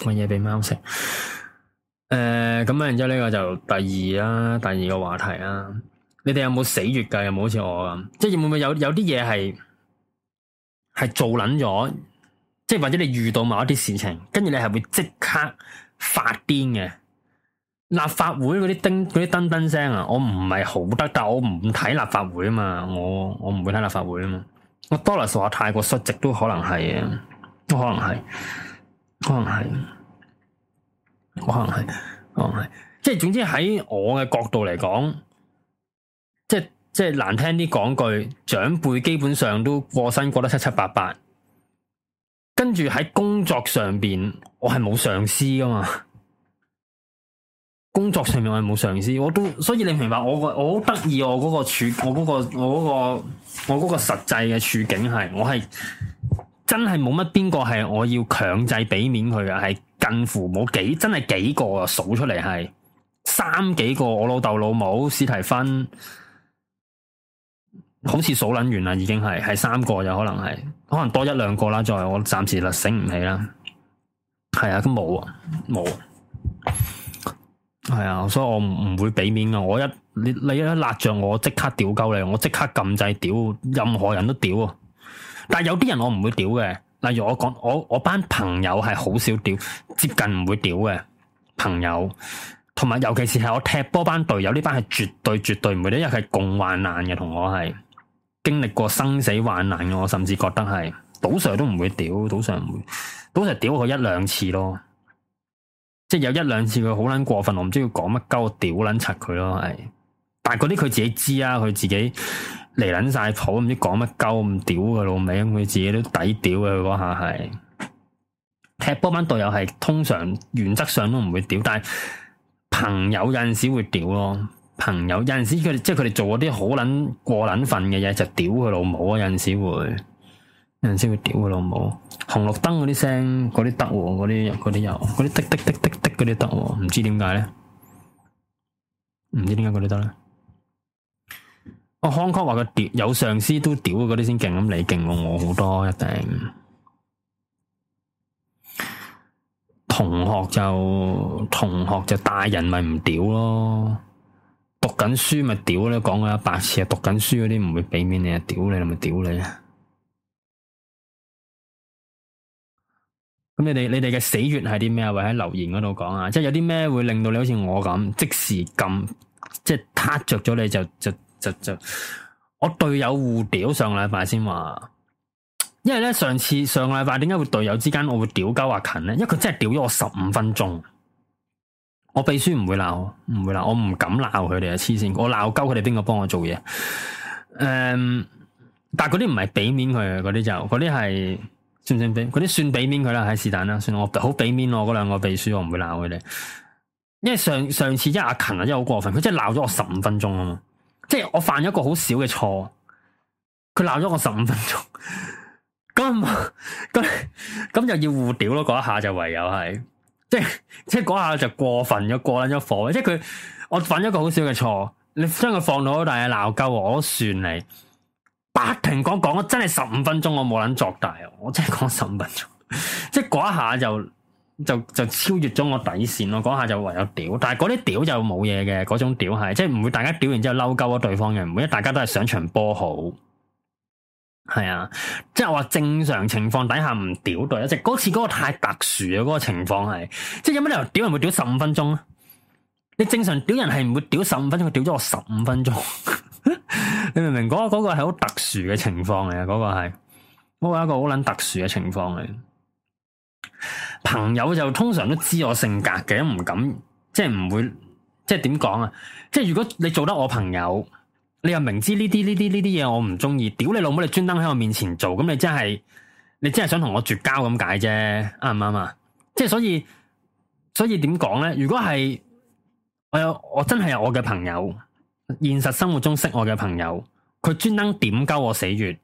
搵嘢俾貓食。誒，咁啊，然之後呢個就第二啦，第二個話題啦。你哋有冇死穴㗎？有冇好似我咁？即係會唔會有有啲嘢係係做撚咗？即或者你遇到某一啲事情，跟住你係會即刻發癲嘅。立法會嗰啲叮嗰啲燈燈聲啊，我唔係好得，但我唔睇立法會啊嘛，我我唔會睇立法會啊嘛。我多數說話太過率直，都可能係啊，都可能係，可能係，可能係，可能係，即係總之喺我嘅角度嚟講，即係即係難聽啲講句，長輩基本上都過身過得七七八八。跟住喺工作上邊，我係冇上司噶嘛。工作上邊我係冇上司噶嘛，工作上面，我係冇上司我，我都所以你明白我，我好得意我嗰個處，我，我，我、嗰個我、嗰個我、嗰個、我嗰個實際嘅處境係，我係真係冇乜邊個係我要強制俾面佢噶，係近乎冇幾真係幾個數出嚟，係三幾個，我老豆老母史提芬。好似數捻完啦，已經係係三個，有可能係，可能多一兩個啦，就係我暫時啦，醒唔起啦。係啊，都冇啊，冇。係啊，所以我唔唔會俾面噶。我一你你一拉着我，即刻屌鳩你，我即刻撳掣屌，任何人都屌。但係有啲人我唔會屌嘅，例如我講我我班朋友係好少屌，接近唔會屌嘅朋友，同埋尤其是係我踢波班隊友呢班係絕對絕對唔會，因為係共患難嘅，同我係。經歷過生死患難嘅我，甚至覺得係賭 Sir 都唔會屌，賭 Sir 唔會，賭 Sir 屌佢一兩次咯。即係有一兩次佢好撚過分，我唔知佢講乜鳩，屌撚柒佢咯。係，但係嗰啲佢自己知啊，佢自己嚟，撚晒譜，唔知講乜鳩咁屌佢老味，咁佢自己都抵屌嘅。佢嗰下係踢波班隊友係通常原則上都唔會屌，但係朋友有陣時會屌咯。朋友有陣時佢哋即係佢哋做嗰啲好撚過撚份嘅嘢就屌佢老母啊！有陣時會，有陣時會屌佢老母。紅綠燈嗰啲聲，嗰啲得喎，嗰啲嗰啲又，嗰啲滴滴滴滴滴嗰啲得喎，唔知點解咧？唔知點解嗰啲得咧？我康克話佢屌，有上司都屌，嗰啲先勁咁，你勁過我好多一定。同學就同學就大人咪唔屌咯。讀緊書咪屌你講過一百次啊！讀緊書嗰啲唔會俾面你啊，屌你啦，咪屌你啊！咁你哋你哋嘅死穴係啲咩啊？會喺留言嗰度講啊，即係有啲咩會令到你好似我咁即時撳，即係撻着咗你就就就就我隊友互屌上個禮拜先話，因為咧上次上個禮拜點解會隊友之間我會屌鳩阿勤咧？因為佢真係屌咗我十五分鐘。我秘書唔會鬧，唔會鬧，我唔敢鬧佢哋啊！黐線，我鬧鳩佢哋，邊個幫我做嘢？誒、嗯，但係嗰啲唔係俾面佢，嗰啲就嗰啲係，算唔算俾？嗰啲算俾面佢啦，喺是但啦，算我好俾面我嗰兩個秘書，我唔會鬧佢哋。因為上上次即係阿勤啊，真係好過分，佢真係鬧咗我十五分鐘啊嘛，即係我犯咗一個好少嘅錯，佢鬧咗我十五分鐘，咁咁咁就要互屌咯，嗰一下就唯有係。即係即係嗰下就過分咗，過捻咗火了。即係佢我犯咗個好少嘅錯，你將佢放到好大鬧鳩我算你。不停講講，真係十五分鐘，我冇捻作大，我真係講十五分鐘。即係嗰下就就就超越咗我底線咯。嗰下就唯有屌，但係嗰啲屌就冇嘢嘅，嗰種屌係即係唔會大家屌完之後嬲鳩咗對方嘅，唔會一大家都係上場波好。係啊，即係話正常情況底下唔屌對、啊，即係嗰次嗰個太特殊嘅嗰、那個情況係，即係有乜理由屌人會屌十五分鐘咧？你正常屌人係唔會屌十五分鐘，佢屌咗我十五分鐘， [laughs] 你明唔明？嗰、那個嗰係好特殊嘅情況嚟，啊，嗰、那個係，嗰、那個一個好捻特殊嘅情況嚟。朋友就通常都知我性格嘅，唔敢，即係唔會，即係點講啊？即係如果你做得我朋友。你又明知呢啲呢啲呢啲嘢我唔中意，屌你老母！你專登喺我面前做，咁你真係你真係想同我絕交咁解啫，啱唔啱啊？即係所以所以點講咧？如果係我有我真係有我嘅朋友，現實生活中識我嘅朋友，佢專登點鳩我死穴，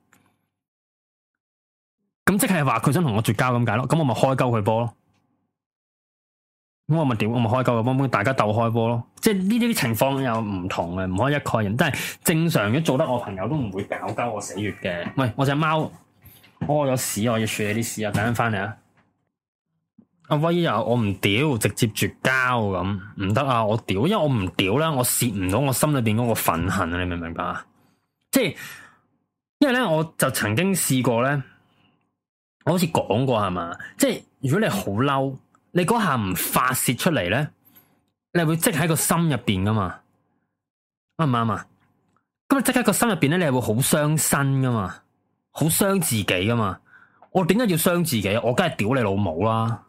咁即係話佢想同我絕交咁解咯，咁我咪開鳩佢波咯。咁我咪屌，我咪開溝，咁咁大家鬥開波咯。即係呢啲情況又唔同嘅，唔可以一概人。但係正常嘅做得，我朋友都唔會搞交我死穴嘅。喂，我隻貓屙咗屎，我要處理啲屎啊。等陣翻嚟啊，阿威又、啊、我唔屌，直接絕交咁，唔得啊！我屌，因為我唔屌啦，我泄唔到我心裏邊嗰個憤恨，你明唔明白啊？即係因為咧，我就曾經試過咧，我好似講過係嘛？即係如果你好嬲。你嗰下唔發洩出嚟，咧你係會即喺個心入邊噶嘛？啱唔啱啊？咁你即喺個心入邊咧，你係會好傷身噶嘛？好傷自己噶嘛？我點解要傷自己？我梗係屌你老母啦！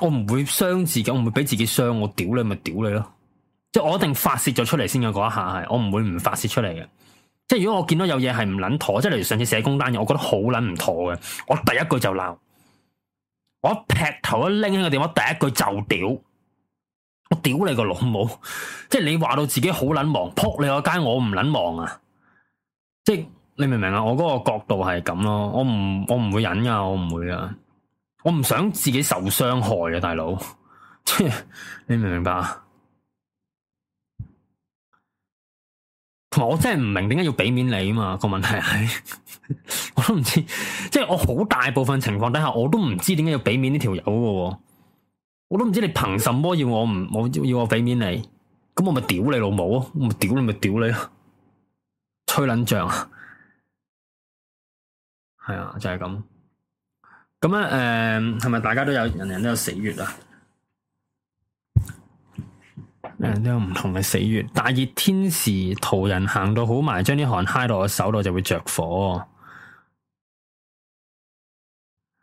我唔會傷自己，我唔會俾自己傷。我屌你咪屌你咯！即係我一定發洩咗出嚟，先嘅嗰一下係，我唔會唔發洩出嚟嘅。即係如果我見到有嘢係唔捻妥，即係例如上次社工單嘢，我覺得好捻唔妥嘅，我第一句就鬧。我劈頭一拎起個電話，第一句就屌，我屌你個老母！即係你話到自己好捻忙，撲你個街，我唔捻忙啊！即係你明唔明啊？我嗰個角度係咁咯，我唔我唔會忍啊，我唔會啊。我唔想自己受傷害啊，大佬！即係你明唔明白啊？我真係唔明點解要俾面你啊嘛，個問題係， [laughs] 我都唔知，即係我好大部分情況底下，我都唔知點解要俾面呢條友喎，我都唔知你憑什麼要我唔我，我要我俾面你，咁我咪屌你老母咯，我咪屌你咪屌你咯，吹撚脹啊，係 [laughs] 啊就係、是、咁，咁啊誒係咪大家都有人人都有死穴啊？都有唔同嘅死穴，大熱天時，途人到行到好埋，將啲汗嗨到我手度，就會着火。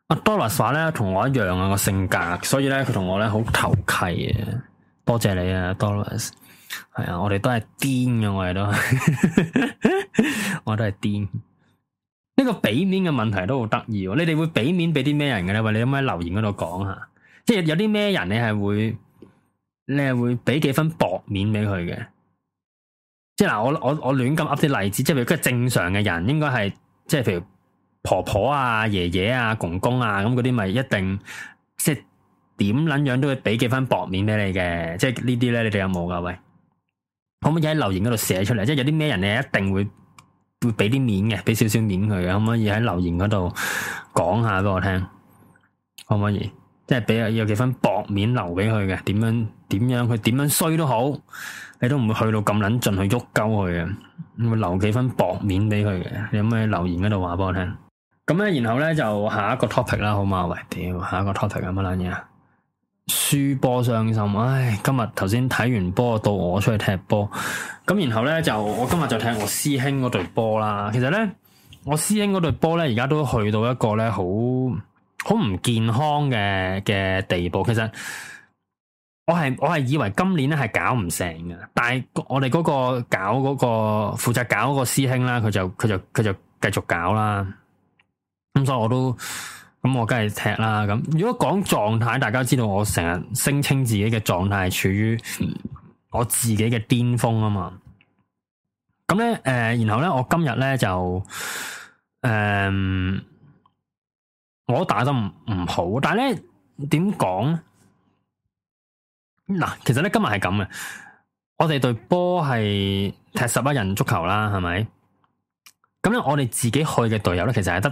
阿 Dollars 話咧，同我一樣啊個性格，所以咧佢同我咧好投契啊。多謝你啊，Dollars。係啊、哎，我哋都係癲嘅，我哋都， [laughs] 我都係癲。呢、呢個俾面嘅問題都好得意，你哋會俾面俾啲咩人嘅咧？喂，你可唔可以留言嗰度講下？即係有啲咩人你係會？你係會俾幾分薄面俾佢嘅，即係嗱，我我我亂咁 up 啲例子，即係如果，即係正常嘅人應該係，即係譬如婆婆啊、爺爺啊、公公啊咁嗰啲，咪一定即係點捻樣都會俾幾分薄面俾你嘅，即係呢啲咧，你哋有冇噶？喂，可唔可以喺留言嗰度寫出嚟？即係有啲咩人你一定會會俾啲面嘅，俾少少面佢嘅，可唔可以喺留言嗰度講下俾我聽？可唔可以？即係俾啊，有幾分薄面留俾佢嘅，點樣點樣佢點樣衰都好，你都唔會去到咁撚盡去喐鳩佢嘅，咁留幾分薄面俾佢嘅。你有咩留言喺度話俾我聽？咁咧，嗯，然後咧就下一個 topic 啦，好嘛？喂，屌，下一個 topic 有乜撚嘢啊？輸波傷心，唉！今日頭先睇完波，到我出去踢波。咁然後咧就我今日就踢我師兄嗰隊波啦。其實咧我師兄嗰隊波咧而家都去到一個咧好。好唔健康嘅嘅地步，其實我係我係以為今年咧係搞唔成嘅，但係我哋嗰個搞嗰個負責搞嗰個師兄啦，佢就佢就佢就繼續搞啦。咁所以我都咁我梗係踢啦。咁如果講狀態，大家知道我成日聲稱自己嘅狀態係處於我自己嘅巔峰啊嘛。咁咧誒，然後咧我今日咧就誒。呃我打得唔唔好，但係咧，點講咧？嗱，其實咧今日係咁嘅，我哋對波係踢十一人足球啦，係咪？咁樣我哋自己去嘅隊友咧，其實係得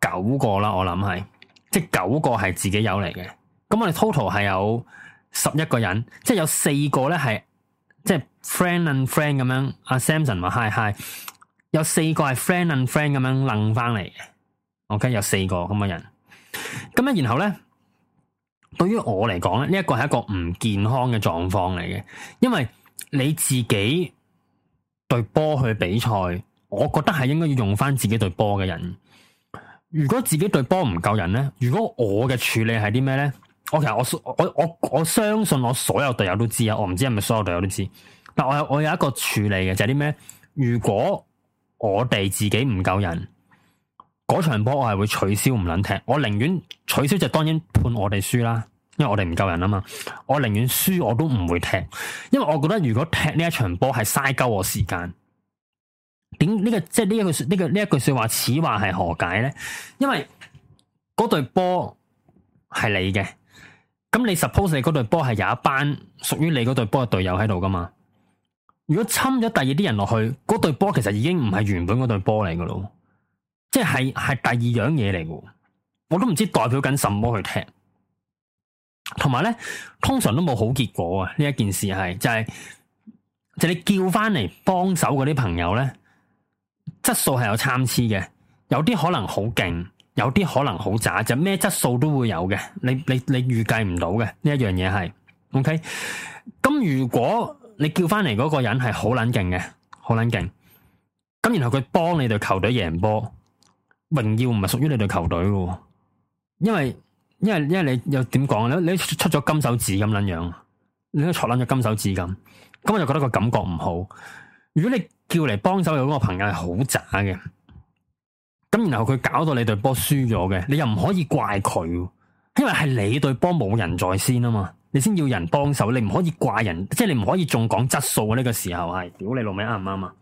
九個啦，我諗係，即係九個係自己友嚟嘅。咁我哋 total 係有十一個人，即係有四個咧係即係 friend and friend 咁樣，阿、啊、Samson 話嗨嗨，嗨，有四個係 friend and friend 咁樣楞翻嚟嘅。我睇、okay? 有四個咁嘅人，咁樣然後咧，對於我嚟講咧，呢、這個、一個係一個唔健康嘅狀況嚟嘅，因為你自己對波去比賽，我覺得係應該要用翻自己對波嘅人。如果自己對波唔夠人咧，如果我嘅處理係啲咩咧？我其實我我我我相信我所有隊友都知啊，我唔知係咪所有隊友都知。但我有我有一個處理嘅就係啲咩？如果我哋自己唔夠人。嗰場波我係會取消唔捻踢，我寧願取消就當然判我哋輸啦，因為我哋唔夠人啊嘛。我寧願輸我都唔會踢，因為我覺得如果踢呢一場波係嘥鳩我時間。點呢、這個即係呢一句呢個呢一句說話此話係何解呢？因為嗰隊波係你嘅，咁你 suppose 你嗰隊波係有一班屬於你嗰隊波嘅隊友喺度噶嘛？如果侵咗第二啲人落去，嗰隊波其實已經唔係原本嗰隊波嚟噶咯。即係係第二樣嘢嚟嘅，我都唔知代表緊什麼去踢，同埋呢，通常都冇好結果啊。呢一件事係就係就你叫翻嚟幫手嗰啲朋友呢，質素係有參差嘅，有啲可能好勁，有啲可能好渣，就咩質素都會有嘅。你你你預計唔到嘅呢一樣嘢係 OK。咁如果你叫翻嚟嗰個人係好撚勁嘅，好撚勁，咁然後佢幫你隊球隊贏波。榮耀唔係屬於你隊球隊嘅，因為因為因為你又點講啊？你你出咗金手指咁捻樣，你都戳捻咗金手指咁，咁我就覺得個感覺唔好。如果你叫嚟幫手嘅嗰個朋友係好渣嘅，咁然後佢搞到你隊波輸咗嘅，你又唔可以怪佢，因為係你隊波冇人在先啊嘛，你先要人幫手，你唔可以怪人，即係你唔可以仲講質素呢個時候係，屌你老味啱唔啱啊？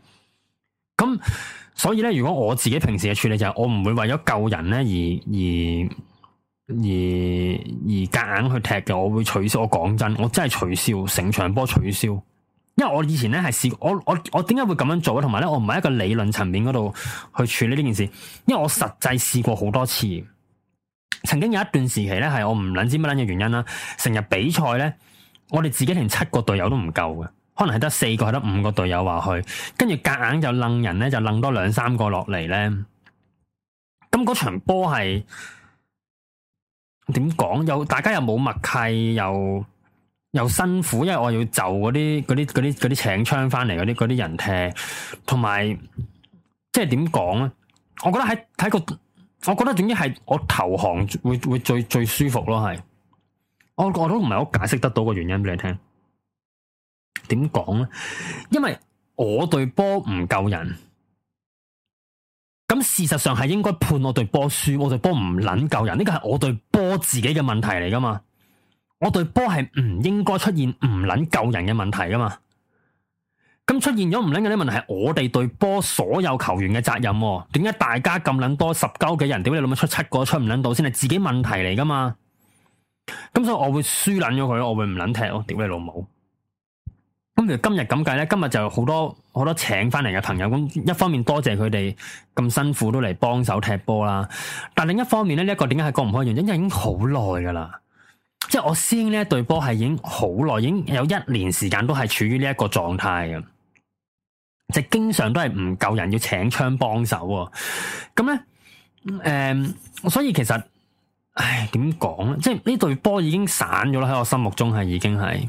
咁。所以咧，如果我自己平時嘅處理就係，我唔會為咗救人咧而而而而夾硬去踢嘅，我會取消。我講真，我真係取消，成場波取消。因為我以前咧係試過，我我我點解會咁樣做呢？同埋咧，我唔喺一個理論層面嗰度去處理呢件事，因為我實際試過好多次。曾經有一段時期咧，係我唔捻知乜捻嘅原因啦，成日比賽咧，我哋自己連七個隊友都唔夠嘅。可能係得四個，係得五個隊友話去，跟住夾硬就楞人咧，就楞多兩三個落嚟咧。咁嗰場波係點講？又大家又冇默契，又又辛苦，因為我要遷就嗰啲嗰啲嗰啲啲請槍翻嚟嗰啲啲人踢，同埋即係點講咧？我覺得喺喺個，我覺得總之係我投降會會最最舒服咯。係我我都唔係好解釋得到個原因俾你聽。點講呢？因為我對波唔夠人，咁事實上係應該判我對波輸，我對波唔捻夠人，呢個係我對波自己嘅問題嚟噶嘛？我對波係唔應該出現唔捻救人嘅問題噶嘛？咁出現咗唔捻嘅呢問題係我哋對波所有球員嘅責任啊。點解大家咁捻多十鳩嘅人，點解你諗出七個出唔捻到先係自己問題嚟噶嘛？咁所以我會輸捻咗佢我會唔捻踢我，點解你老母？咁如今日咁計咧，今日就好多好多請翻嚟嘅朋友。咁一方面多謝佢哋咁辛苦都嚟幫手踢波啦。但另一方面咧，呢、這、一個點解係割唔開原因？因為已經好耐噶啦，即係我師兄呢一對波係已經好耐，已經有一年時間都係處於呢一個狀態嘅，即係經常都係唔夠人要請槍幫手。咁咧，誒、嗯，所以其實，唉，點講咧？即係呢對波已經散咗啦。喺我心目中係已經係。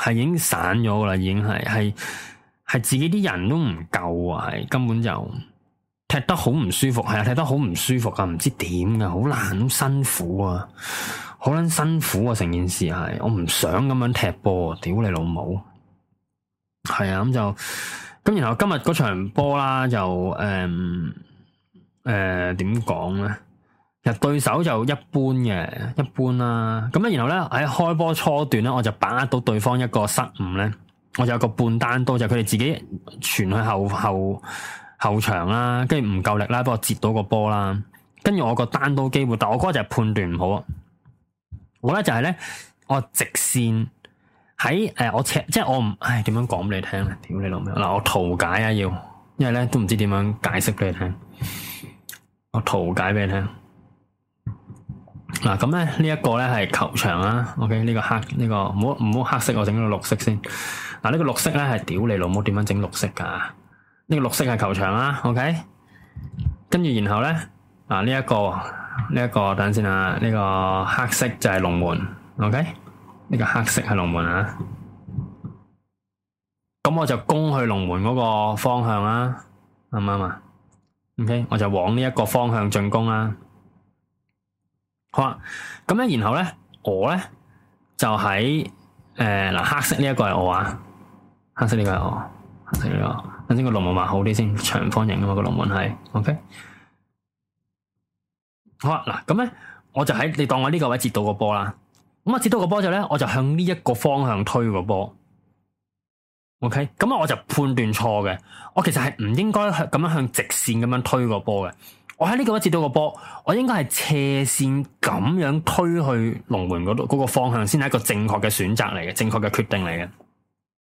係已經散咗噶啦，已經係係係自己啲人都唔夠啊，係根本就踢得好唔舒服，係啊，踢得好唔舒服啊，唔知點噶，好難，好辛苦啊，好撚辛苦啊，成件事係，我唔想咁樣踢波，屌你老母，係啊，咁就咁然後今日嗰場波啦，就誒誒點講咧？呃呃其實對手就一般嘅，一般啦。咁咧，然後咧喺開波初段咧，我就把握到對方一個失誤咧，我就有個半單刀就佢、是、哋自己傳去後後後場啦，跟住唔夠力啦，幫我截到個波啦。跟住我個單刀機會，但我嗰個就係判斷唔好啊。我咧就係、是、咧，我直線喺誒、呃，我斜即係我唔，唉，點樣講俾你聽咧？屌你老味嗱，我圖解啊要，要因為咧都唔知點樣解釋俾你聽，我圖解俾你聽。嗱，咁咧呢一個咧係球場啦，OK？呢個黑呢、這個唔好唔好黑色，我整個綠色先。嗱、啊，呢、這個綠色咧係屌你老母點樣整綠色噶？呢、這個綠色係球場啦，OK？跟住然後咧，嗱呢一個呢一個等陣先啊，呢、這個這個這個黑色就係龍門，OK？呢個黑色係龍門啊。咁我就攻去龍門嗰個方向啦、啊，啱唔啱啊？OK，我就往呢一個方向進攻啦、啊。好啊，咁咧，然後咧，我咧就喺誒嗱，黑色呢一個係我啊，黑色呢個係我，黑色呢、呢個，頭先個龍門畫好啲先，長方形啊嘛，個龍門係，OK。好啊，嗱，咁咧，我就喺你當我呢個位接到個波啦，咁我接到個波之後咧，我就向呢一個方向推個波，OK。咁、嗯、啊、嗯，我就判斷錯嘅，我其實係唔應該向咁樣向直線咁樣推個波嘅。我喺呢個位置到個波，我應該係斜線咁樣推去龍門嗰度嗰個方向先係一個正確嘅選擇嚟嘅，正確嘅決定嚟嘅。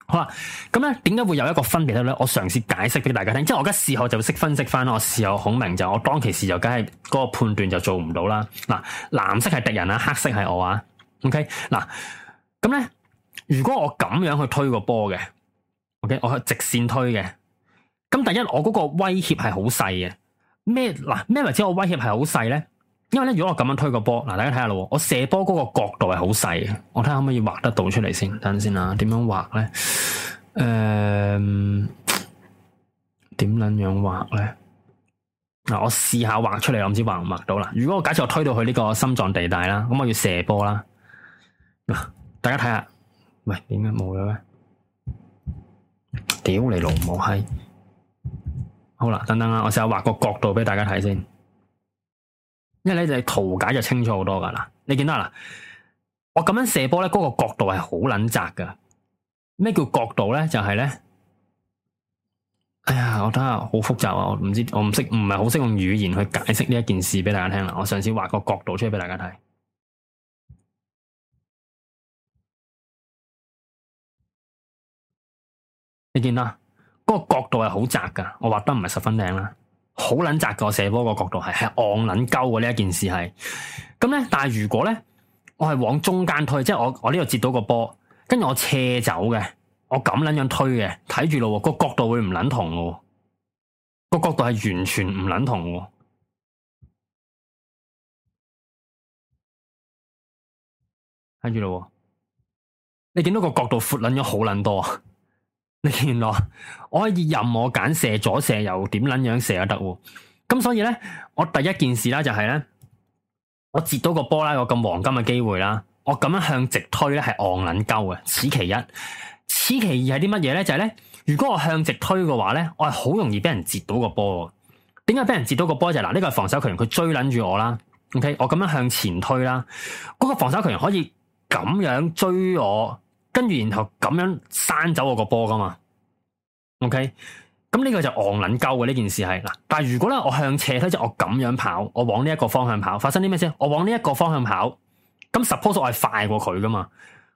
好啦，咁咧點解會有一個分別咧？我嘗試解釋俾大家聽，即係我而家事後就識分析翻。我事後孔明就我當其時就梗係嗰個判斷就做唔到啦。嗱，藍色係敵人啊，黑色係我啊。OK，嗱咁咧，如果我咁樣去推個波嘅，OK，我係直線推嘅。咁第一，我嗰個威脅係好細嘅。咩嗱咩為之？我威脅係好細咧，因為咧，如果我咁樣推個波，嗱，大家睇下咯，我射波嗰個角度係好細嘅。我睇下可唔可以畫得到出嚟先，等陣先啊。點樣畫咧？誒，點撚樣畫咧？嗱，我試下畫出嚟，我唔知畫唔畫到啦。如果我假設我推到去呢個心臟地帶啦，咁我要射波啦。嗱，大家睇下，喂，係點解冇咗咩？屌你老母閪！好啦，等等啦，我試下畫個角度俾大家睇先，因為一嚟就圖解就清楚好多噶啦。你見到啦，我咁樣射波咧，嗰、那個角度係好撚窄噶。咩叫角度咧？就係、是、咧，哎呀，我得啊，好複雜啊，我唔知，我唔識，唔係好識用語言去解釋呢一件事俾大家聽啦。我上次畫個角度出嚟俾大家睇，你見到啦。個角度係好窄噶，我畫得唔係十分靚啦，好卵窄個射波個角度係，係昂卵鳩嘅呢一件事係。咁咧，但係如果咧，我係往中間推，即係我我呢度接到個波，跟住我斜走嘅，我咁卵樣推嘅，睇住咯，個角度會唔卵同，個角度係完全唔卵同。睇住咯，你見到個角度闊卵咗好卵多啊！原來我可以任我揀，射左射右，點捻樣射都得喎、啊，咁所以咧，我第一件事啦就係、是、咧，我截到個波啦，我咁黃金嘅機會啦，我咁樣向直推咧係戇捻鳩嘅，此其一。此其二係啲乜嘢咧？就係、是、咧，如果我向直推嘅話咧，我係好容易俾人截到個波。點解俾人截到個波？就係、是、嗱，呢個係防守球員佢追捻住我啦。OK，我咁樣向前推啦，嗰、那個防守球員可以咁樣追我。跟住然後咁樣刪走我個波噶嘛，OK？咁呢個就昂捻鳩嘅呢件事係嗱，但係如果咧我向斜梯，即我咁樣跑，我往呢一個方向跑，發生啲咩先？我往呢一個方向跑，咁 suppose 我係快過佢噶嘛？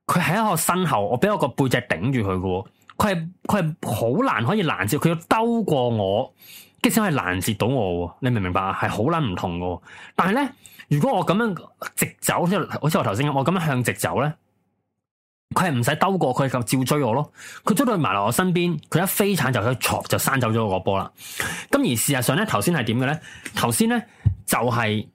佢喺我身後，我俾我個背脊頂住佢嘅，佢係佢係好難可以攔截，佢要兜過我，即使可以攔截到我，你明唔明白啊？係好捻唔同嘅，但係咧，如果我咁樣直走，即好似我頭先咁，我咁樣向直走咧。佢係唔使兜過，佢就照追我咯。佢追到埋落我身邊，佢一飛鏟就去，挫就刪走咗我個波啦。咁而事實上咧，頭先係點嘅咧？頭先咧就係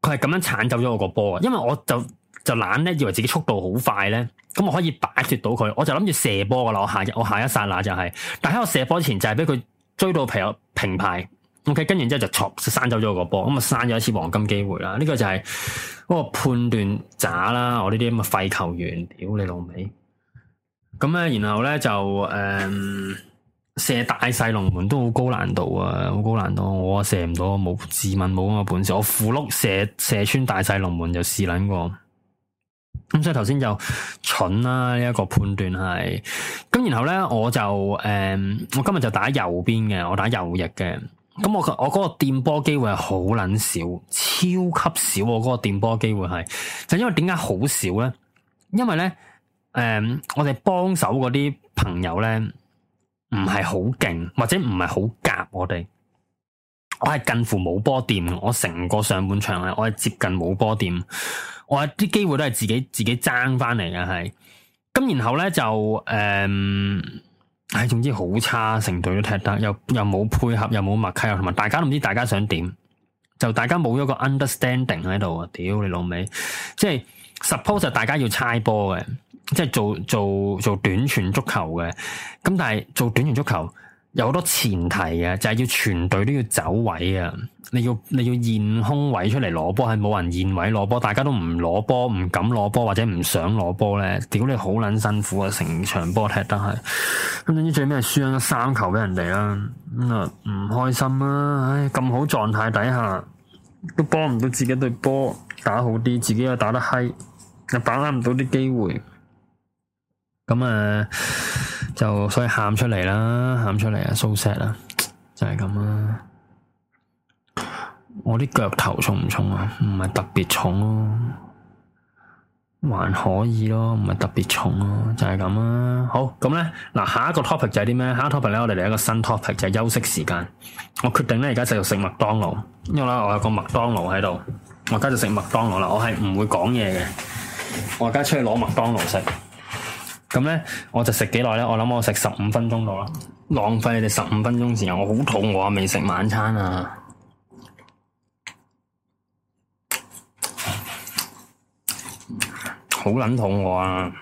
佢係咁樣鏟走咗我個波啊！因為我就就懶咧，以為自己速度好快咧，咁我可以擺脫到佢。我就諗住射波嘅啦，我下我下一剎那就係、是，但喺我射波前就係俾佢追到平排。OK，跟完之後就錯刪走咗個波，咁啊刪咗一次黃金機會啦。呢、這個就係嗰個判斷渣啦。我呢啲咁嘅廢球員，屌你老味。咁咧，然後咧就誒、呃、射大細龍門都好高難度啊，好高難度、啊。我啊射唔到，冇自問冇咁嘅本事。我符碌射射穿大細龍門就試捻過。咁所以頭先就蠢啦，呢一個判斷係。咁然後咧，我就誒、呃，我今日就打右邊嘅，我打右翼嘅。咁我我嗰個電波機會係好捻少，超級少。我嗰個電波機會係，就因為點解好少咧？因為咧，誒、嗯，我哋幫手嗰啲朋友咧，唔係好勁，或者唔係好夾。我哋我係近乎冇波掂，我成個上半場咧，我係接近冇波掂，我啲機會都係自己自己爭翻嚟嘅係。咁然後咧就誒。嗯唉、哎，總之好差，成隊都踢得，又又冇配合，又冇默契，又同埋大家都唔知大家想點，就大家冇一個 understanding 喺度啊！屌你老味，即 [noise] 係樂、 [music] 就是、suppose 大家要猜波嘅，即、就、係、是、做做做短傳足球嘅，咁但係做短傳足球。有好多前提嘅、啊，就係、是、要全隊都要走位啊！你要你要現空位出嚟攞波，係冇人現位攞波，大家都唔攞波，唔敢攞波或者唔想攞波咧，屌你好撚辛苦啊！成場波踢得係，咁總之最尾係輸咗三球俾人哋啦，啊、嗯、唔開心啦、啊！唉，咁好狀態底下都幫唔到自己對波打好啲，自己又打得閪，又把握唔到啲機會，咁、嗯、啊～、呃就所以喊出嚟啦，喊出嚟啊，so sad 啦， [coughs] 就係咁啦。我啲腳頭重唔重啊？唔係特別重咯、啊，還可以咯，唔係特別重咯、啊，就係咁啦。好，咁咧嗱，下一個 topic 就係啲咩？下一個 topic 咧，我哋嚟一個新 topic 就係休息時間。我決定咧，而家就要食麥當勞，因為咧我有個麥當勞喺度。我而家就食麥當勞啦，我係唔會講嘢嘅。我而家出去攞麥當勞食。咁咧，我就食幾耐咧？我諗我食十五分鐘到啦。浪費你哋十五分鐘時間，我好肚餓啊！未食晚餐啊，好撚肚餓啊！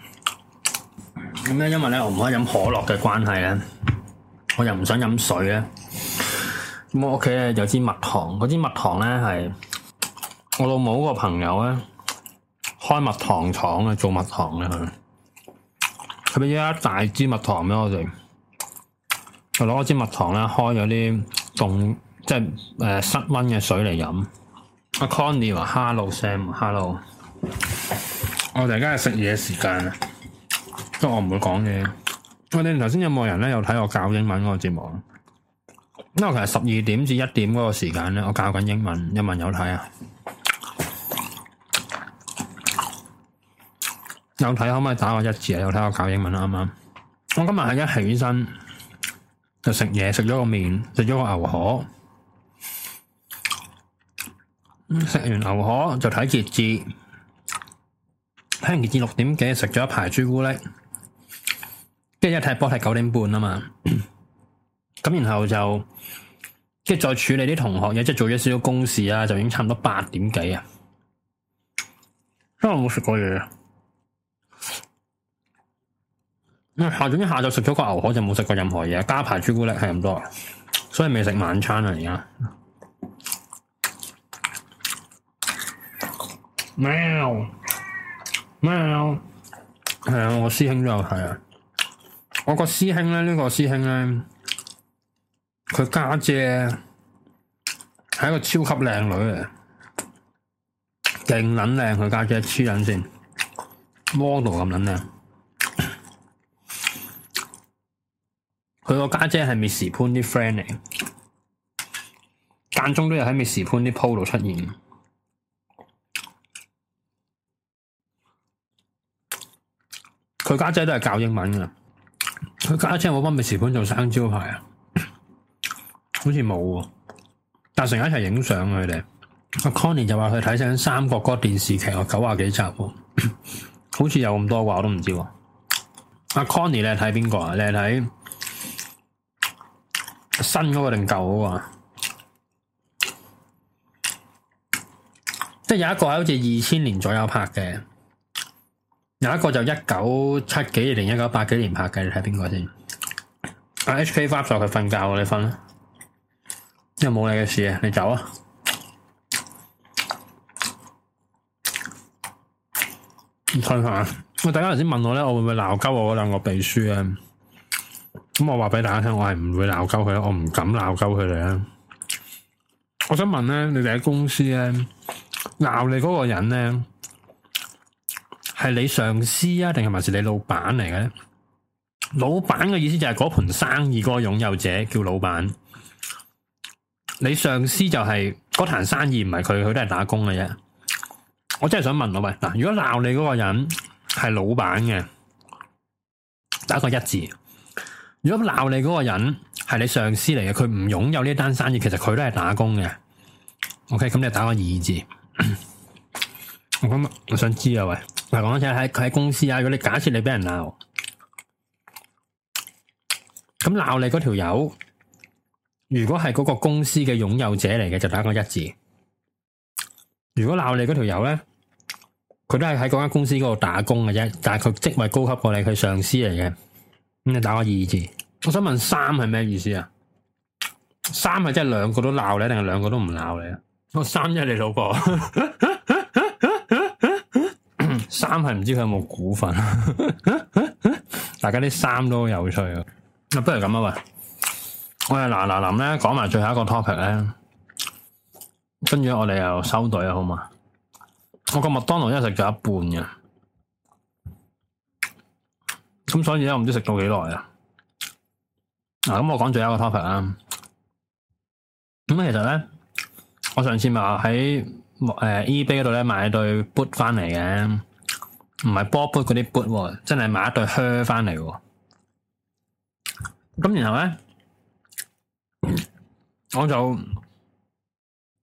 咁咧，因為咧我唔可以飲可樂嘅關係咧，我又唔想飲水咧。咁我屋企咧有支蜜糖，嗰支蜜糖咧係我老母個朋友咧開蜜糖廠嘅，做蜜糖嘅係咪一大支蜜糖咧，我哋就攞支蜜糖咧，開咗啲凍，即係誒室溫嘅水嚟飲。阿 Connie 話：Hello，Sam，Hello。我哋而家係食嘢時間，所以我唔會講嘢。我哋頭先有冇人咧有睇我教英文嗰個節目？因為其實十二點至一點嗰個時間咧，我教緊英文，英文有睇啊？有睇可唔可以打我一字啊？有睇我教英文啦啱啱？我今日係一起身就食嘢，食咗個麵，食咗個牛河。食完牛河就睇節字，睇完節字六點幾，食咗一排朱古力，跟住一踢波係九點半啊嘛。咁然後就即係再處理啲同學嘅，即係做咗少少公事啊，就已經差唔多八點幾啊。因為我冇食過嘢。下，總之下晝食咗個牛河，就冇食過任何嘢，加排朱古力係咁多，所以未食晚餐啊而家。喵喵，係啊！我師兄都有睇啊。我師兄呢、這個師兄咧，呢個師兄咧，佢家姐係一個超級靚女啊，勁撚靚！佢家姐黐撚線，model 咁撚靚。佢個家姐係 Miss 潘啲 friend 嚟？間中都有喺 Miss 潘啲 post 度出現。佢家姐都係教英文嘅。佢家姐，姐有冇幫 Miss 潘做生招牌啊？ [laughs] 好似冇喎。但成日一齊影相佢哋。阿 Connie 就話佢睇緊《三國》電視劇啊，九廿幾集喎。好似有咁多啩，我都唔知喎、啊。阿 Connie 你係睇邊個啊？你係睇？新嗰個定舊嗰個？即係有一個係好似二千年左右拍嘅，有一個就一九七幾年、一九八幾年拍嘅，你睇邊個先？阿、啊、HK Five 就佢瞓覺，我哋因又冇你嘅事啊！你走啊！唔退下，我大家頭先問我咧，我會唔會鬧交？我嗰兩個秘書啊？咁我話俾大家聽，我係唔會鬧鳩佢啦，我唔敢鬧鳩佢哋啦。我想問咧，你哋喺公司咧鬧你嗰個人咧，係你上司啊，定係還是你老闆嚟嘅咧？老闆嘅意思就係嗰盤生意個擁有者叫老闆，你上司就係嗰盤生意唔係佢，佢都係打工嘅啫。我真係想問我喂，嗱，如果鬧你嗰個人係老闆嘅，打個一字。如果鬧你嗰個人係你上司嚟嘅，佢唔擁有呢一單生意，其實佢都係打工嘅。OK，咁你打個二,二字。我今 [coughs] 我想知啊，喂，嚟講一齊喺喺公司啊。如果你假設你俾人鬧，咁鬧你嗰條友，如果係嗰個公司嘅擁有者嚟嘅，就打個一字。如果鬧你嗰條友咧，佢都係喺嗰間公司嗰度打工嘅啫，但係佢職位高級過你，佢上司嚟嘅。咁你打個二字，我想問三係咩意思啊？三係即係兩個都鬧你，定係兩個都唔鬧你啊？我三即係你老婆，三係唔知佢有冇股份。 [laughs] 大家啲三都好有趣啊！不如咁啊喂，我哋嗱嗱臨咧講埋最後一個 topic 咧，跟住我哋又收隊啊好嘛？我個麥當勞一食咗一半嘅。咁所以咧，我唔知食到幾耐啊！嗱、啊，咁我講最後一個 topic 啦。咁、嗯、其實咧，我上次咪喺、呃、eBay 嗰度咧買對 boot 返嚟嘅，唔係波 boot 嗰啲 boot，真係買一對靴返嚟嘅。咁、嗯、然後呢，我就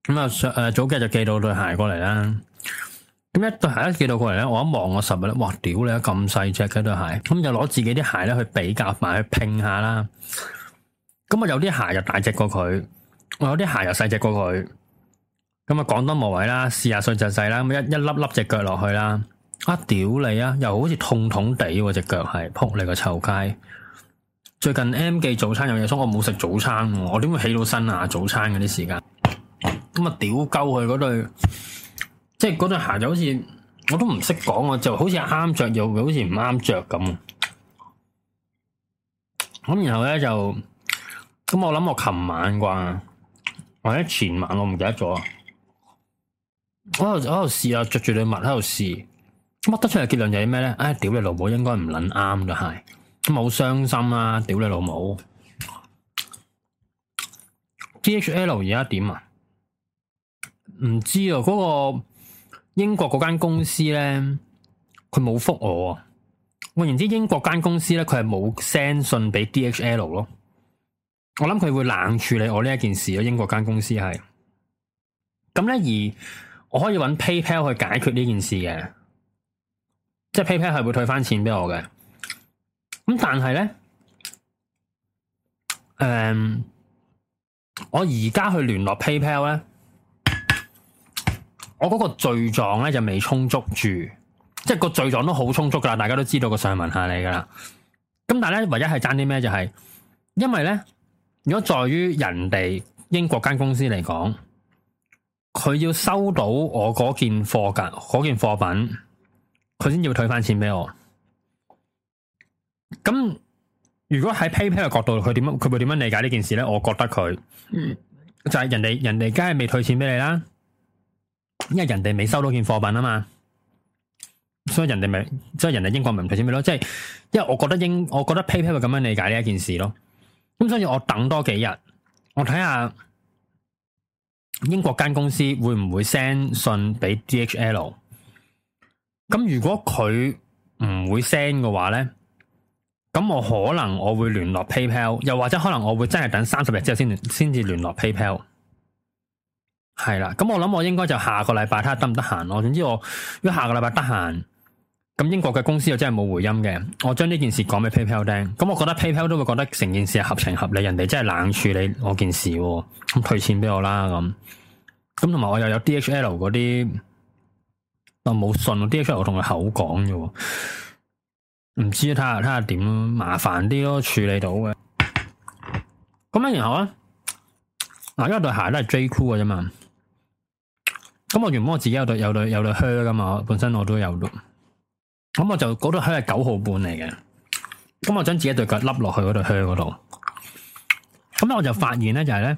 咁啊，誒、嗯、早幾日就寄到對鞋過嚟啦。咁一對鞋一寄到過嚟咧，我一望我實物咧，哇屌你啊，咁細隻嘅對鞋，咁就攞自己啲鞋咧去比較埋，去拼下啦。咁啊有啲鞋又大隻過佢，我有啲鞋又細隻過佢。咁啊講多無謂啦，試下細就細啦，咁一一粒粒隻腳落去啦，啊屌你啊，又好似痛痛地喎隻腳係，撲你個臭街！最近 M 記早餐又有嘢食，我冇食早餐，我點會起到身啊？早餐嗰啲時間，咁啊屌鳩佢嗰對。即係嗰對鞋就好似，我都唔識講，我就好似啱着又，好似唔啱着咁。咁然後咧就，咁我諗我琴晚啩，或者前晚我唔記得咗啊。我喺度試啊，着住對襪喺度試，乜得出嚟結論就係咩咧？唉，屌你老母，應該唔撚啱對鞋，咁好傷心啦！屌你老母，DHL 而家點啊？唔知啊，嗰個。英國嗰間公司咧，佢冇覆我。換言之英國間公司咧，佢係冇 send 信俾 DHL 咯。我諗佢會冷處理我呢一件事咯。英國間公司係咁咧，而我可以搵 PayPal 去解決呢件事嘅，即係 PayPal 係會退翻錢俾我嘅。咁但係咧，誒、嗯，我而家去聯絡 PayPal 咧。我嗰個罪狀咧，就未充足住，即係個罪狀都好充足噶啦，大家都知道個上文下理噶啦。咁但係咧，唯一係爭啲咩就係、是，因為咧，如果在於人哋英國間公司嚟講，佢要收到我嗰件貨噶嗰件貨品，佢先要退翻錢俾我。咁如果喺 PayPal 嘅角度，佢點樣，佢會點樣理解呢件事咧？我覺得佢，嗯，就係、是、人哋人哋梗係未退錢俾你啦。因為人哋未收到件貨品啊嘛，所以人哋咪，即係人哋英國人唔開心咩咯？即係因為我覺得英，我覺得 PayPal 會咁樣理解呢一件事咯。咁所以我等多幾日，我睇下英國間公司會唔會 send 信俾 DHL？咁如果佢唔會 send 嘅話咧，咁我可能我會聯絡 PayPal，又或者可能我會真係等三十日之後先先至聯絡 PayPal。係啦，咁我諗我應該就下個禮拜睇下得唔得閒咯。看看有有，總之我如果下個禮拜得閒，咁英國嘅公司又真係冇回音嘅，我將呢件事講俾 PayPal 聽，咁我覺得 PayPal 都會覺得成件事係合情合理，人哋真係冷處理我件事，咁退錢俾我啦咁。咁同埋我又有 DHL 嗰啲，我冇信 DHL，我同佢口講嘅，唔知睇下睇下點，麻煩啲咯處理到嘅。咁樣然後咧，嗱，因為對鞋都係 J.Cool 嘅啫嘛。咁我原本我自己有對有對有對靴噶嘛，本身我都有咯。咁我就嗰對靴係九號半嚟嘅，咁我將自己對腳笠落去嗰對靴嗰度，咁咧我就發現咧就係、是、咧，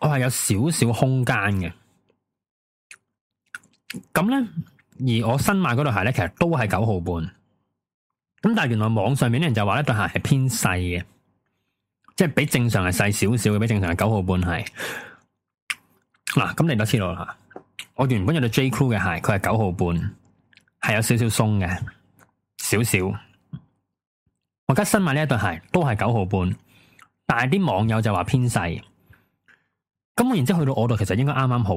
我係有少少空間嘅。咁咧，而我新買嗰對鞋咧，其實都係九號半。咁但係原來網上面啲人就話呢對鞋係偏細嘅，即係比正常係細少少嘅，比正常係九號半係。嗱、啊，咁你都知道啦。我原本有對 J.Crew 嘅鞋，佢係九號半，係有少少鬆嘅，少少。我而家新買呢一對鞋，都係九號半，但係啲網友就話偏細。咁然之後去到我度，其實應該啱啱好。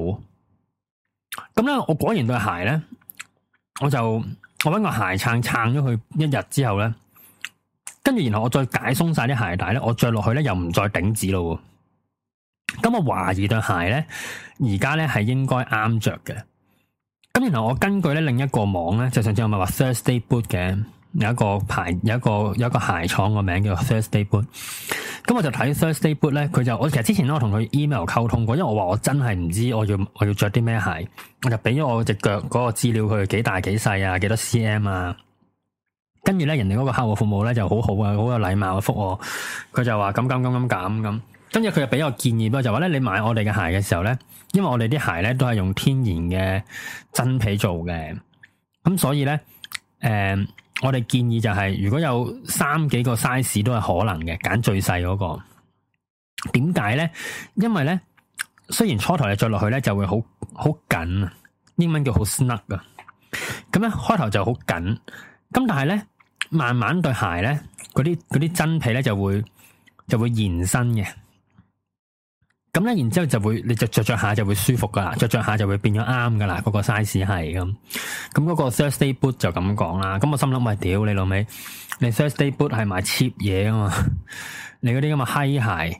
咁咧，我果然對鞋咧，我就我搵個鞋撐撐咗佢一日之後咧，跟住然後我再解鬆晒啲鞋帶咧，我着落去咧又唔再頂趾咯。咁我懷疑對鞋咧，而家咧係應該啱着嘅。咁然後我根據咧另一個網咧，就上次我咪話 Thursday Boot 嘅，有一個牌有一個有一個鞋廠個名叫 Thursday Boot。咁我就睇 Thursday Boot 咧，佢就我其實之前咧我同佢 email 溝通過，因為我話我真係唔知我要我要著啲咩鞋，我就俾咗我隻腳嗰個資料佢，幾大幾細啊，幾多 cm 啊。跟住咧，人哋嗰個客戶服務咧就好好啊，好有禮貌嘅覆我。佢就話咁咁咁咁咁。今日佢又俾個建議咯，就話咧，你買我哋嘅鞋嘅時候咧，因為我哋啲鞋咧都係用天然嘅真皮做嘅，咁所以咧，誒、呃，我哋建議就係、是、如果有三幾個 size 都係可能嘅，揀最細嗰、那個。點解咧？因為咧，雖然初頭你着落去咧就會好好緊啊，英文叫好 snug 啊，咁咧開頭就好緊，咁但係咧，慢慢對鞋咧嗰啲啲真皮咧就會就會延伸嘅。咁咧，然之後就會，你就着着下就會舒服噶啦，着着下就會變咗啱噶啦，嗰個 size 係咁。咁嗰個 Thursday Boot 就咁講啦。咁我心諗，喂，屌你老味，你 Thursday Boot 係賣 cheap 嘢啊嘛，你嗰啲咁嘅閪鞋，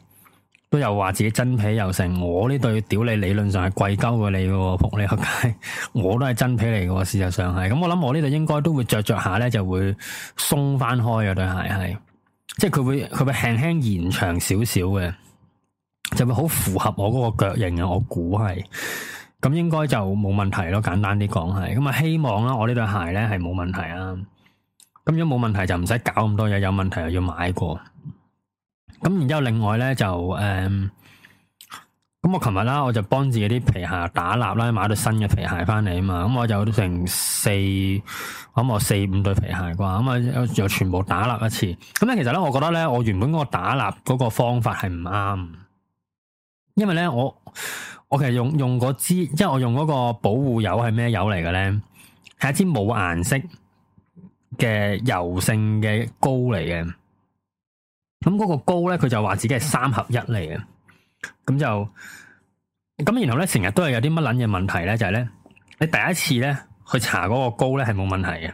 都又話自己真皮又成。我呢對屌你，理論上係貴鳩過你嘅，仆你仆街，我都係真皮嚟嘅。事實上係。咁我諗，我呢對應該都會着着下咧，就會鬆翻開啊對鞋係，即係佢會佢會輕輕延長少少嘅。就會好符合我嗰個腳型啊！我估係咁，應該就冇問題咯。簡單啲講係咁啊，希望啦，我呢對鞋咧係冇問題啊。咁樣冇問題就唔使搞咁多嘢，有問題又要買過。咁然之後另外咧就誒，咁、嗯、我琴日啦，我就幫自己啲皮鞋打蠟啦，買對新嘅皮鞋翻嚟啊嘛。咁我就成四，我、啊、我四五對皮鞋啩，咁啊又全部打蠟一次。咁咧其實咧，我覺得咧，我原本嗰個打蠟嗰個方法係唔啱。因為咧，我我其實用用嗰支，因為我用嗰個保護油係咩油嚟嘅咧？係一支冇顏色嘅油性嘅膏嚟嘅。咁嗰個膏咧，佢就話自己係三合一嚟嘅。咁就咁然後咧，成日都係有啲乜捻嘢問題咧，就係咧，你第一次咧去搽嗰個膏咧係冇問題嘅，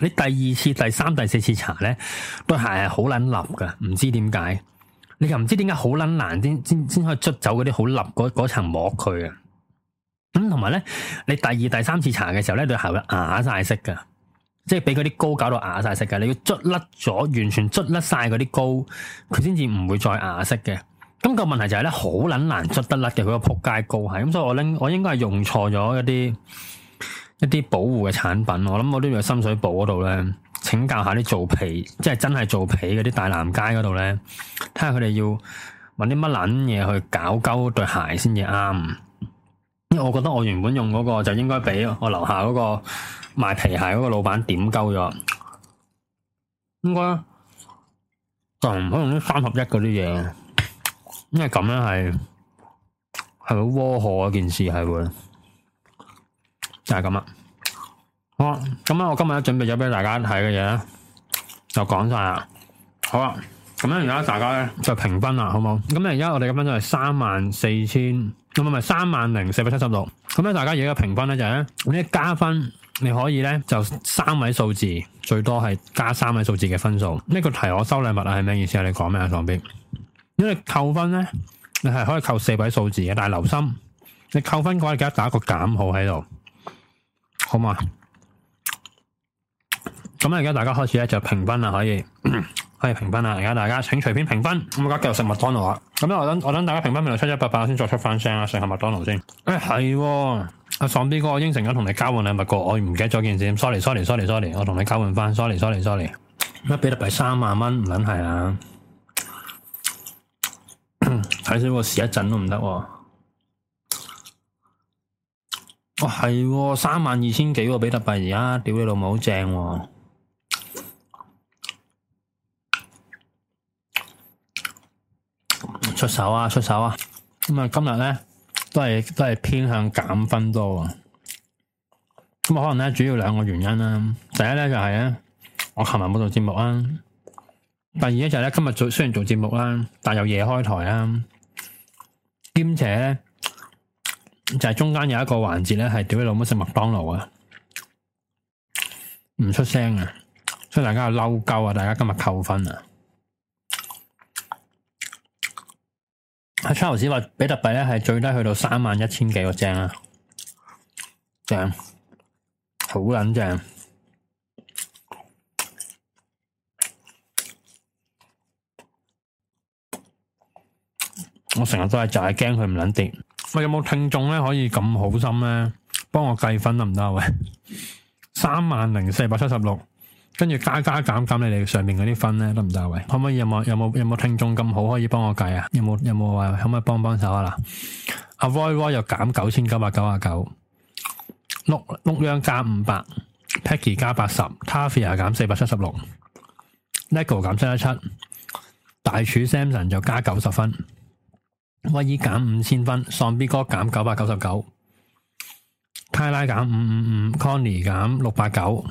你第二次、第三、第四次搽咧對鞋係好捻腍嘅，唔知點解。你又唔知點解好撚難先先先可以捽走嗰啲好立嗰嗰層膜佢嘅，咁同埋咧，你第二第三次搽嘅時候咧對鞋會啞晒色嘅，即係俾嗰啲膏搞到啞晒色嘅，你要捽甩咗，完全捽甩晒嗰啲膏，佢先至唔會再啞色嘅。咁、個問題就係咧，好撚難捽得甩嘅，嗰個撲街膏係。咁所以我諗我應該係用錯咗一啲一啲保護嘅產品。我諗我都用深水埗嗰度咧。請教下啲做皮，即係真係做皮嗰啲大南街嗰度咧，睇下佢哋要揾啲乜捻嘢去搞鳩對鞋先至啱。因為我覺得我原本用嗰個就應該俾我樓下嗰個賣皮鞋嗰個老闆點鳩咗，應該就唔好用啲三合一嗰啲嘢，因為咁樣係係好窩火一件事係會，就係咁啊。好咁啊，我今日都準備咗俾大家睇嘅嘢，就講晒啦。好啊，咁樣而家大家咧就評分啦，好唔好？咁啊，而家我哋嘅分數係三萬四千，咁啊唔係三萬零四百七十六。咁咧，大家而家評分咧就咧、是，呢加分你可以咧就三位數字，最多係加三位數字嘅分數。呢、這個題我收禮物啊，係咩意思啊？你講咩啊？上邊，因為扣分咧，你係可以扣四位數字嘅，但係留心，你扣分嘅話記得打一個減號喺度，好嘛？咁而家大家開始咧就評分啦，可以 [coughs] 可以評分啦。而家大家請隨便評分。咁我而家繼續食麥當勞啊。咁咧我等我等大家評分評到七七八八先再出翻聲啊，食下麥當勞先。誒、哎、係，阿、哦、爽 B 哥，我應承咗同你交換禮物個，我唔記得咗件事。Sorry，Sorry，Sorry，Sorry，我同你交換翻。Sorry，Sorry，Sorry，一比特幣三萬蚊唔撚係啊！睇少我時一陣都唔得喎。哦係，三萬二千幾個比特幣而家，屌你老母好正喎！出手啊，出手啊！咁啊，今日咧都係都係偏向減分多啊！咁啊，可能咧主要兩個原因啦。第一咧就係咧，我琴日冇做節目啦。第二咧就係咧，今日做雖然做節目啦，但又夜開台啦，兼且咧就係中間有一個環節咧，係屌你老母食麥當勞啊，唔出聲啊，所以大家啊嬲鳩啊，大家今日扣分啊！喺差頭市話比特幣咧係最低去到三萬一千幾個正啊，正好撚正，我成日都係就係驚佢唔撚跌。我有冇聽眾咧可以咁好心咧幫我計分得唔得啊？喂，三萬零四百七十六。跟住加加減減，你哋上面嗰啲分咧得唔得？喂，可唔可以有冇有冇有冇聽眾咁好可以幫我計啊？有冇有冇話可唔可以幫幫手啊？嗱 Avoid 又減九千九百九啊九，碌碌央加五百，Peggy 加八十 Tavia 減四百七十六 Lego 減七一七，大廚 Samson 就加九十分，威爾減五千分，喪 B 哥減九百九十九，泰拉減五五五，Connie 減六百九。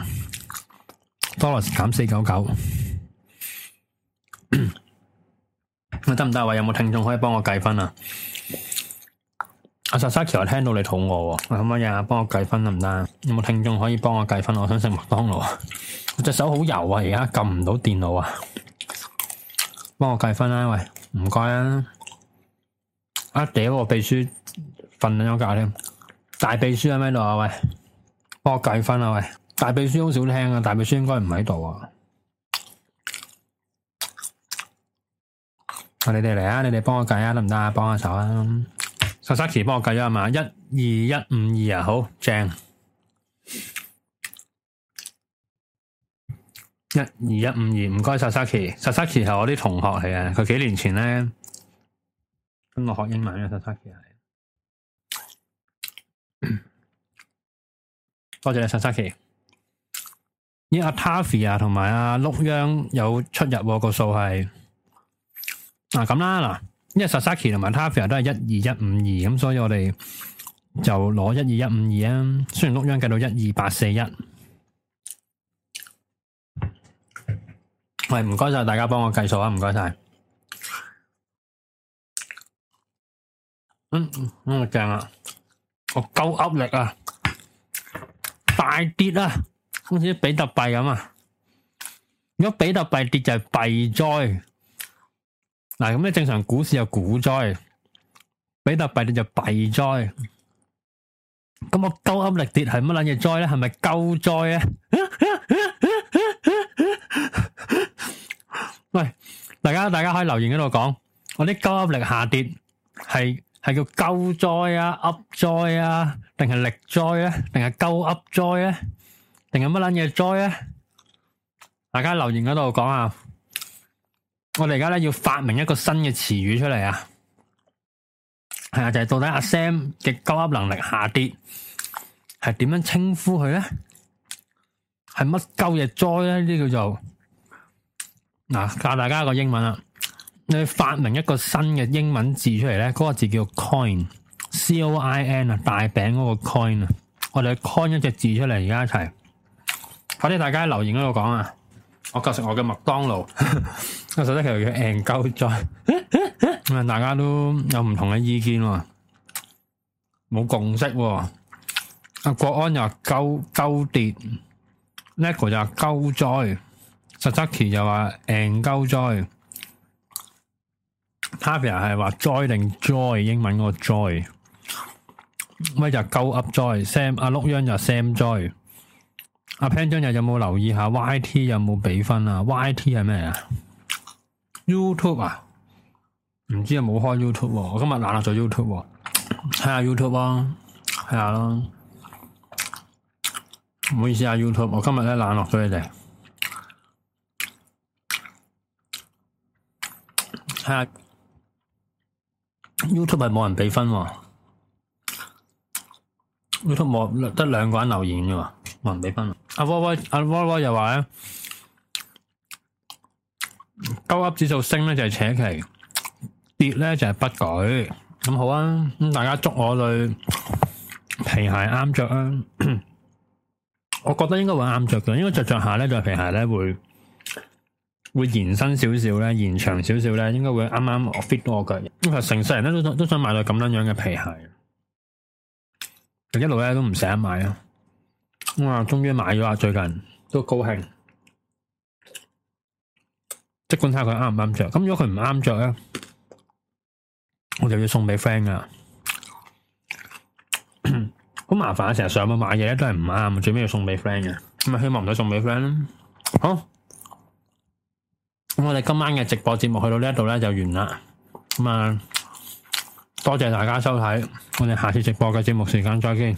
多六減四九九，我得唔得啊？喂，有冇聽眾可以幫我計分啊？阿沙沙奇聽到你肚餓，可唔可以阿幫我計分得唔得？有冇聽眾可以幫我計分？我想食麥當勞，我隻手好油啊，而家撳唔到電腦啊，幫我計分啦！喂，唔該啊！啊，屌，啊啊啊，我秘書瞓咗覺添，大秘書喺咪度啊？喂，幫我計分啦，啊！喂。大秘書好少聽啊！大秘書應該唔喺度啊！你哋嚟啊！你哋幫我計啊，得唔得啊？幫下手啊 Sasaki 幫我計啊嘛！一二一五二啊，好正！一二一五二，唔該 Sasaki，Sasaki 係我啲同學嚟啊！佢幾年前咧跟我學英文嘅 Sasaki 嚟。多謝你，Sasaki。呢阿塔菲啊，同埋阿祿央有出入個數係，嗱咁啦，嗱，因為薩薩奇同埋塔菲都係一二一五二，咁所以我哋就攞一二一五二啊。雖然祿央計到一二八四一，喂，唔該晒大家幫我計數啊，唔該晒。嗯嗯嗯，正啊，我夠噏力啊，大跌啊！好似比特幣咁啊！如果比特幣跌就係幣災，嗱咁咧正常股市就股災，比特幣跌就幣災。咁我鳩噏力跌係乜撚嘢災咧？係咪鳩災啊？喂，大家大家可以留言喺度講，我啲鳩噏力下跌係係叫鳩災啊、up 災啊，定係力災咧，定係鳩 up 災咧？定係乜捻嘢災咧？大家留言嗰度講啊。我哋而家咧，要發明一個新嘅詞語出嚟啊，係啊，就係、是、到底阿 Sam 嘅高吸能力下跌係點樣稱呼佢咧？係乜鳩嘢災咧？呢啲叫做嗱、啊、教大家一個英文啊。你去發明一個新嘅英文字出嚟咧，嗰、那個字叫 coin，c o i n 啊，大餅嗰個 coin 啊。我哋去 coin 一隻字出嚟，而家一齊。我啲大家留言嗰度講啊，我夠食我嘅麥當勞，阿首德其實叫 enjoyjoy 大家都有唔同嘅意見喎，冇共識喎，阿國安又話高高跌 Nico 又話高災 Suzuki 又話 enjoyjoy，Tavia 係話 joy 定 joy, joy，英文嗰個 joy，乜就高 upjoy，Sam 阿、啊、陸央就係 Samjoy。阿潘今日有冇留意下 Y T 有冇俾分啊？Y T 係咩啊？YouTube 啊？唔知有冇開 YouTube、啊。我今日冷落咗 YouTube。睇下 YouTube 啊，睇下、啊、咯。唔好意思啊，YouTube，我今日咧冷落咗你哋。睇下 YouTube 係冇人俾分、啊、，YouTube 冇得兩個人留言嘅嘛。還俾、啊、分啦！阿威威，阿威威又話咧：高屋指數升咧就係扯旗，跌咧就係不舉。咁好啊，咁大家祝我對皮鞋啱着啊！ [coughs] 我覺得應該會啱着嘅，因為着着下呢對皮鞋咧會會延伸少少咧，延長少少咧，應該會啱啱我 fit 到我腳。因為成世人咧都想都想買對咁樣樣嘅皮鞋，但一路咧都唔捨得買啊！哇！終於買咗啦！最近都高興，即管睇下佢啱唔啱着，咁如果佢唔啱着咧，我就要送俾 friend 噶，好 [coughs] 麻煩，成日上網買嘢咧都係唔啱，最尾要送俾 friend 嘅，咁咪希望唔使送俾 friend 咯。好，咁我哋今晚嘅直播節目去到呢一度咧就完啦。咁啊，多謝大家收睇，我哋下次直播嘅節目時間再見。